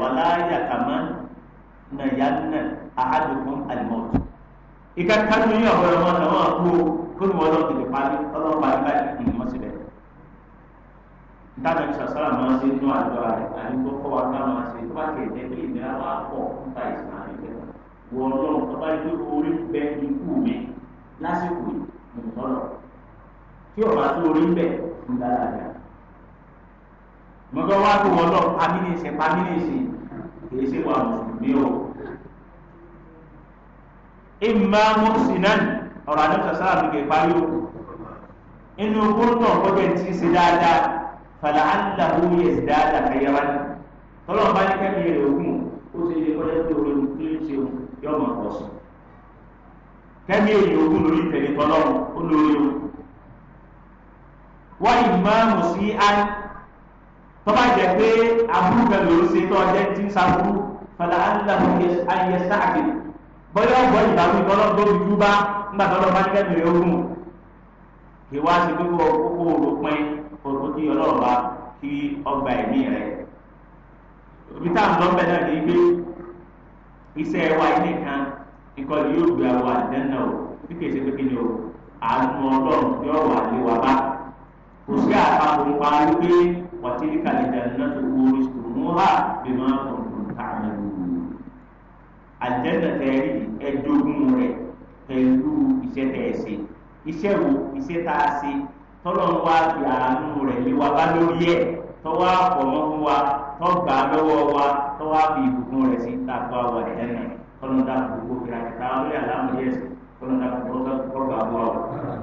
wàláyàtàmọ na yanna ahadukum alimọt ìka kanu yìí ọ̀rọ̀ ẹ̀rọ náà wọ́n kú kúrò wọn lọ tètè parí ọlọ́run parí báyìí kì í mọ́ síbẹ̀. ntaana bisa sara máa ṣe inú àjọ rẹ àyíkó kọ́ wa ká máa ṣe tó bá ti ẹ̀jẹ̀ e bí ìnira wa pọ̀ nípa ìsìlámù ìjẹ́ wọ́n lọ́run tó bá yẹ orí bẹ ikú mi lásìkò ìmùtọ́lọ̀ tí ọ̀rọ̀ àti orí bẹ̀ ń dára rẹ̀. mọ̀tọ́ wá tó wọ́n lọ pàmílẹ̀ ṣe pàmílẹ̀ ṣe kì í sì wà mùsùlùmí o. ìmọ̀ mùsùlùmí ọ̀rọ̀ àdókò sáà ló kè parí o. inú kóńtò ọ̀gbọ́dọ̀ ti ṣe dáadáa fàlà àdàbò yẹ ṣe dáadáa kẹyẹrẹ tọ́lọ̀ bá ní kẹ́kẹ́ rẹ̀ ògùn ó ṣe lè kọ́lẹ́ tó lórí tó ń ṣe yọ̀mọ̀ ọ̀sùn. kẹ́mi èyí ògùn lórí tẹ̀lé tọ́lọ́run wọ́n ìmọ̀ mùsùlùmí tọ́ba jẹ́ pé aburú kan ló ṣe tó ọjẹ́ tí ń saburú fàlà aláwọ̀ ayẹ sáàkì bọ́yá ọ̀gbọ́n ìbáwí tọ́lọ́ tó fi dúbá ńgbà tọ́lọ́ bá nígbà mìíràn ogun kí wá sí pé kókó òrò pin òrò kí ọlọ́ọ̀bá kí ọgbà ẹ̀mí rẹ̀ òbí táwọn lọ́bẹ̀ náà ní gbé iṣẹ́ wa ilé kan nǹkan yóò gbé àwọn àdánná o bí kìí ṣe pé kí ni o àánú ọlọ́run yóò wà lé wa bá kò sí àpapọ̀ nípa wípé وتلك الجنة أورثتموها بما كنتم تعملون الجنة تاري الدمور pẹ̀lú iṣẹ́ tẹ̀ ẹ́ ṣe iṣẹ́ wo iṣẹ́ tá a ṣe tọ́lọ́ ń wá fi àánú rẹ̀ lé wa bá lórí ẹ̀ tọ́wọ́ àfọ̀mọ́ fún wa tọ́gbà lọ́wọ́ wa tọ́wọ́ àfi ìbùkún rẹ̀ sí tàbá wa ìdáná tọ́lọ́ dá gbogbo fìlà kẹta lórí àlámù yẹn sùn tọ́lọ́ dá gbogbo kọ́gbà bọ́ wa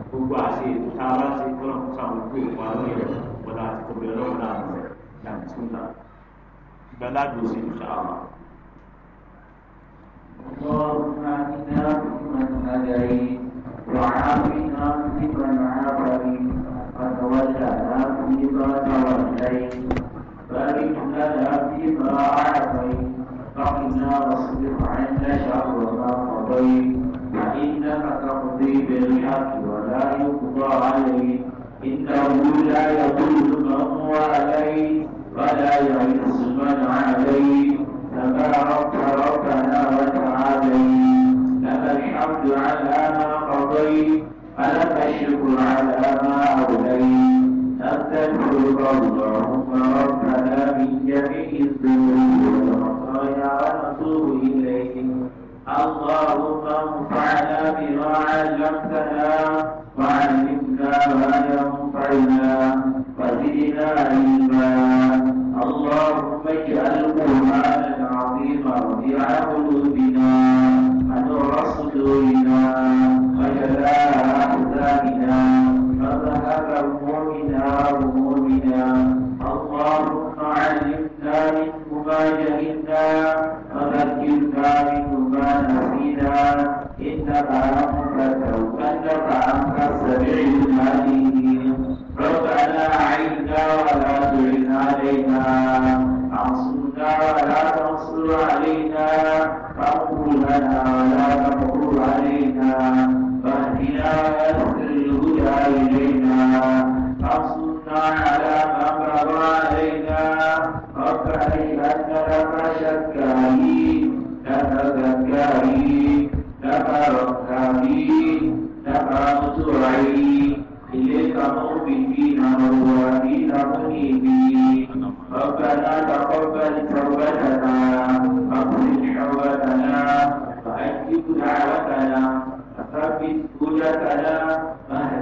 gbogbo àṣẹ ìtàwọn àṣẹ tọ́lọ́ fún sàmójú ìwà lórí rẹ̀. ọ̀la àti tóbi ọlọ́run láàánú rẹ̀ láti tún náà gba اللهم اهدنا فيمن هديت وعافنا فيمن عافيت وتولنا فيما توليت بارك لنا فيما اعطيت وقنا واصرف عنا شر ما قضيت فانك تقضي بالحق ولا يقضى عليك إنه لا يضل من هو عليه ولا يعز من عليه تبارك ربنا وتعالي لك الحمد على ما قضيت ولك الشكر على ما أوليت أستغفرك اللهم ربنا من جميع الذنوب والخطايا ونتوب إليك اللهم انفعنا بما علمتنا بنا علما اللهم اجعل القران العظيم ربيع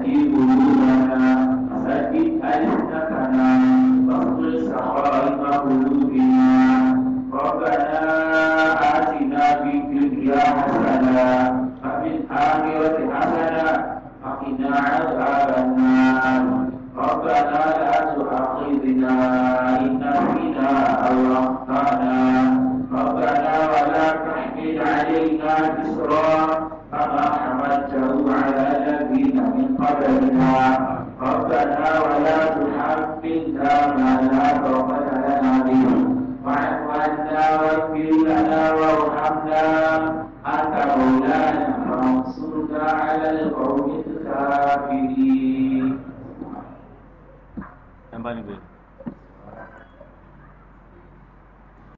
sarki guduna na sarki kalista kana combining with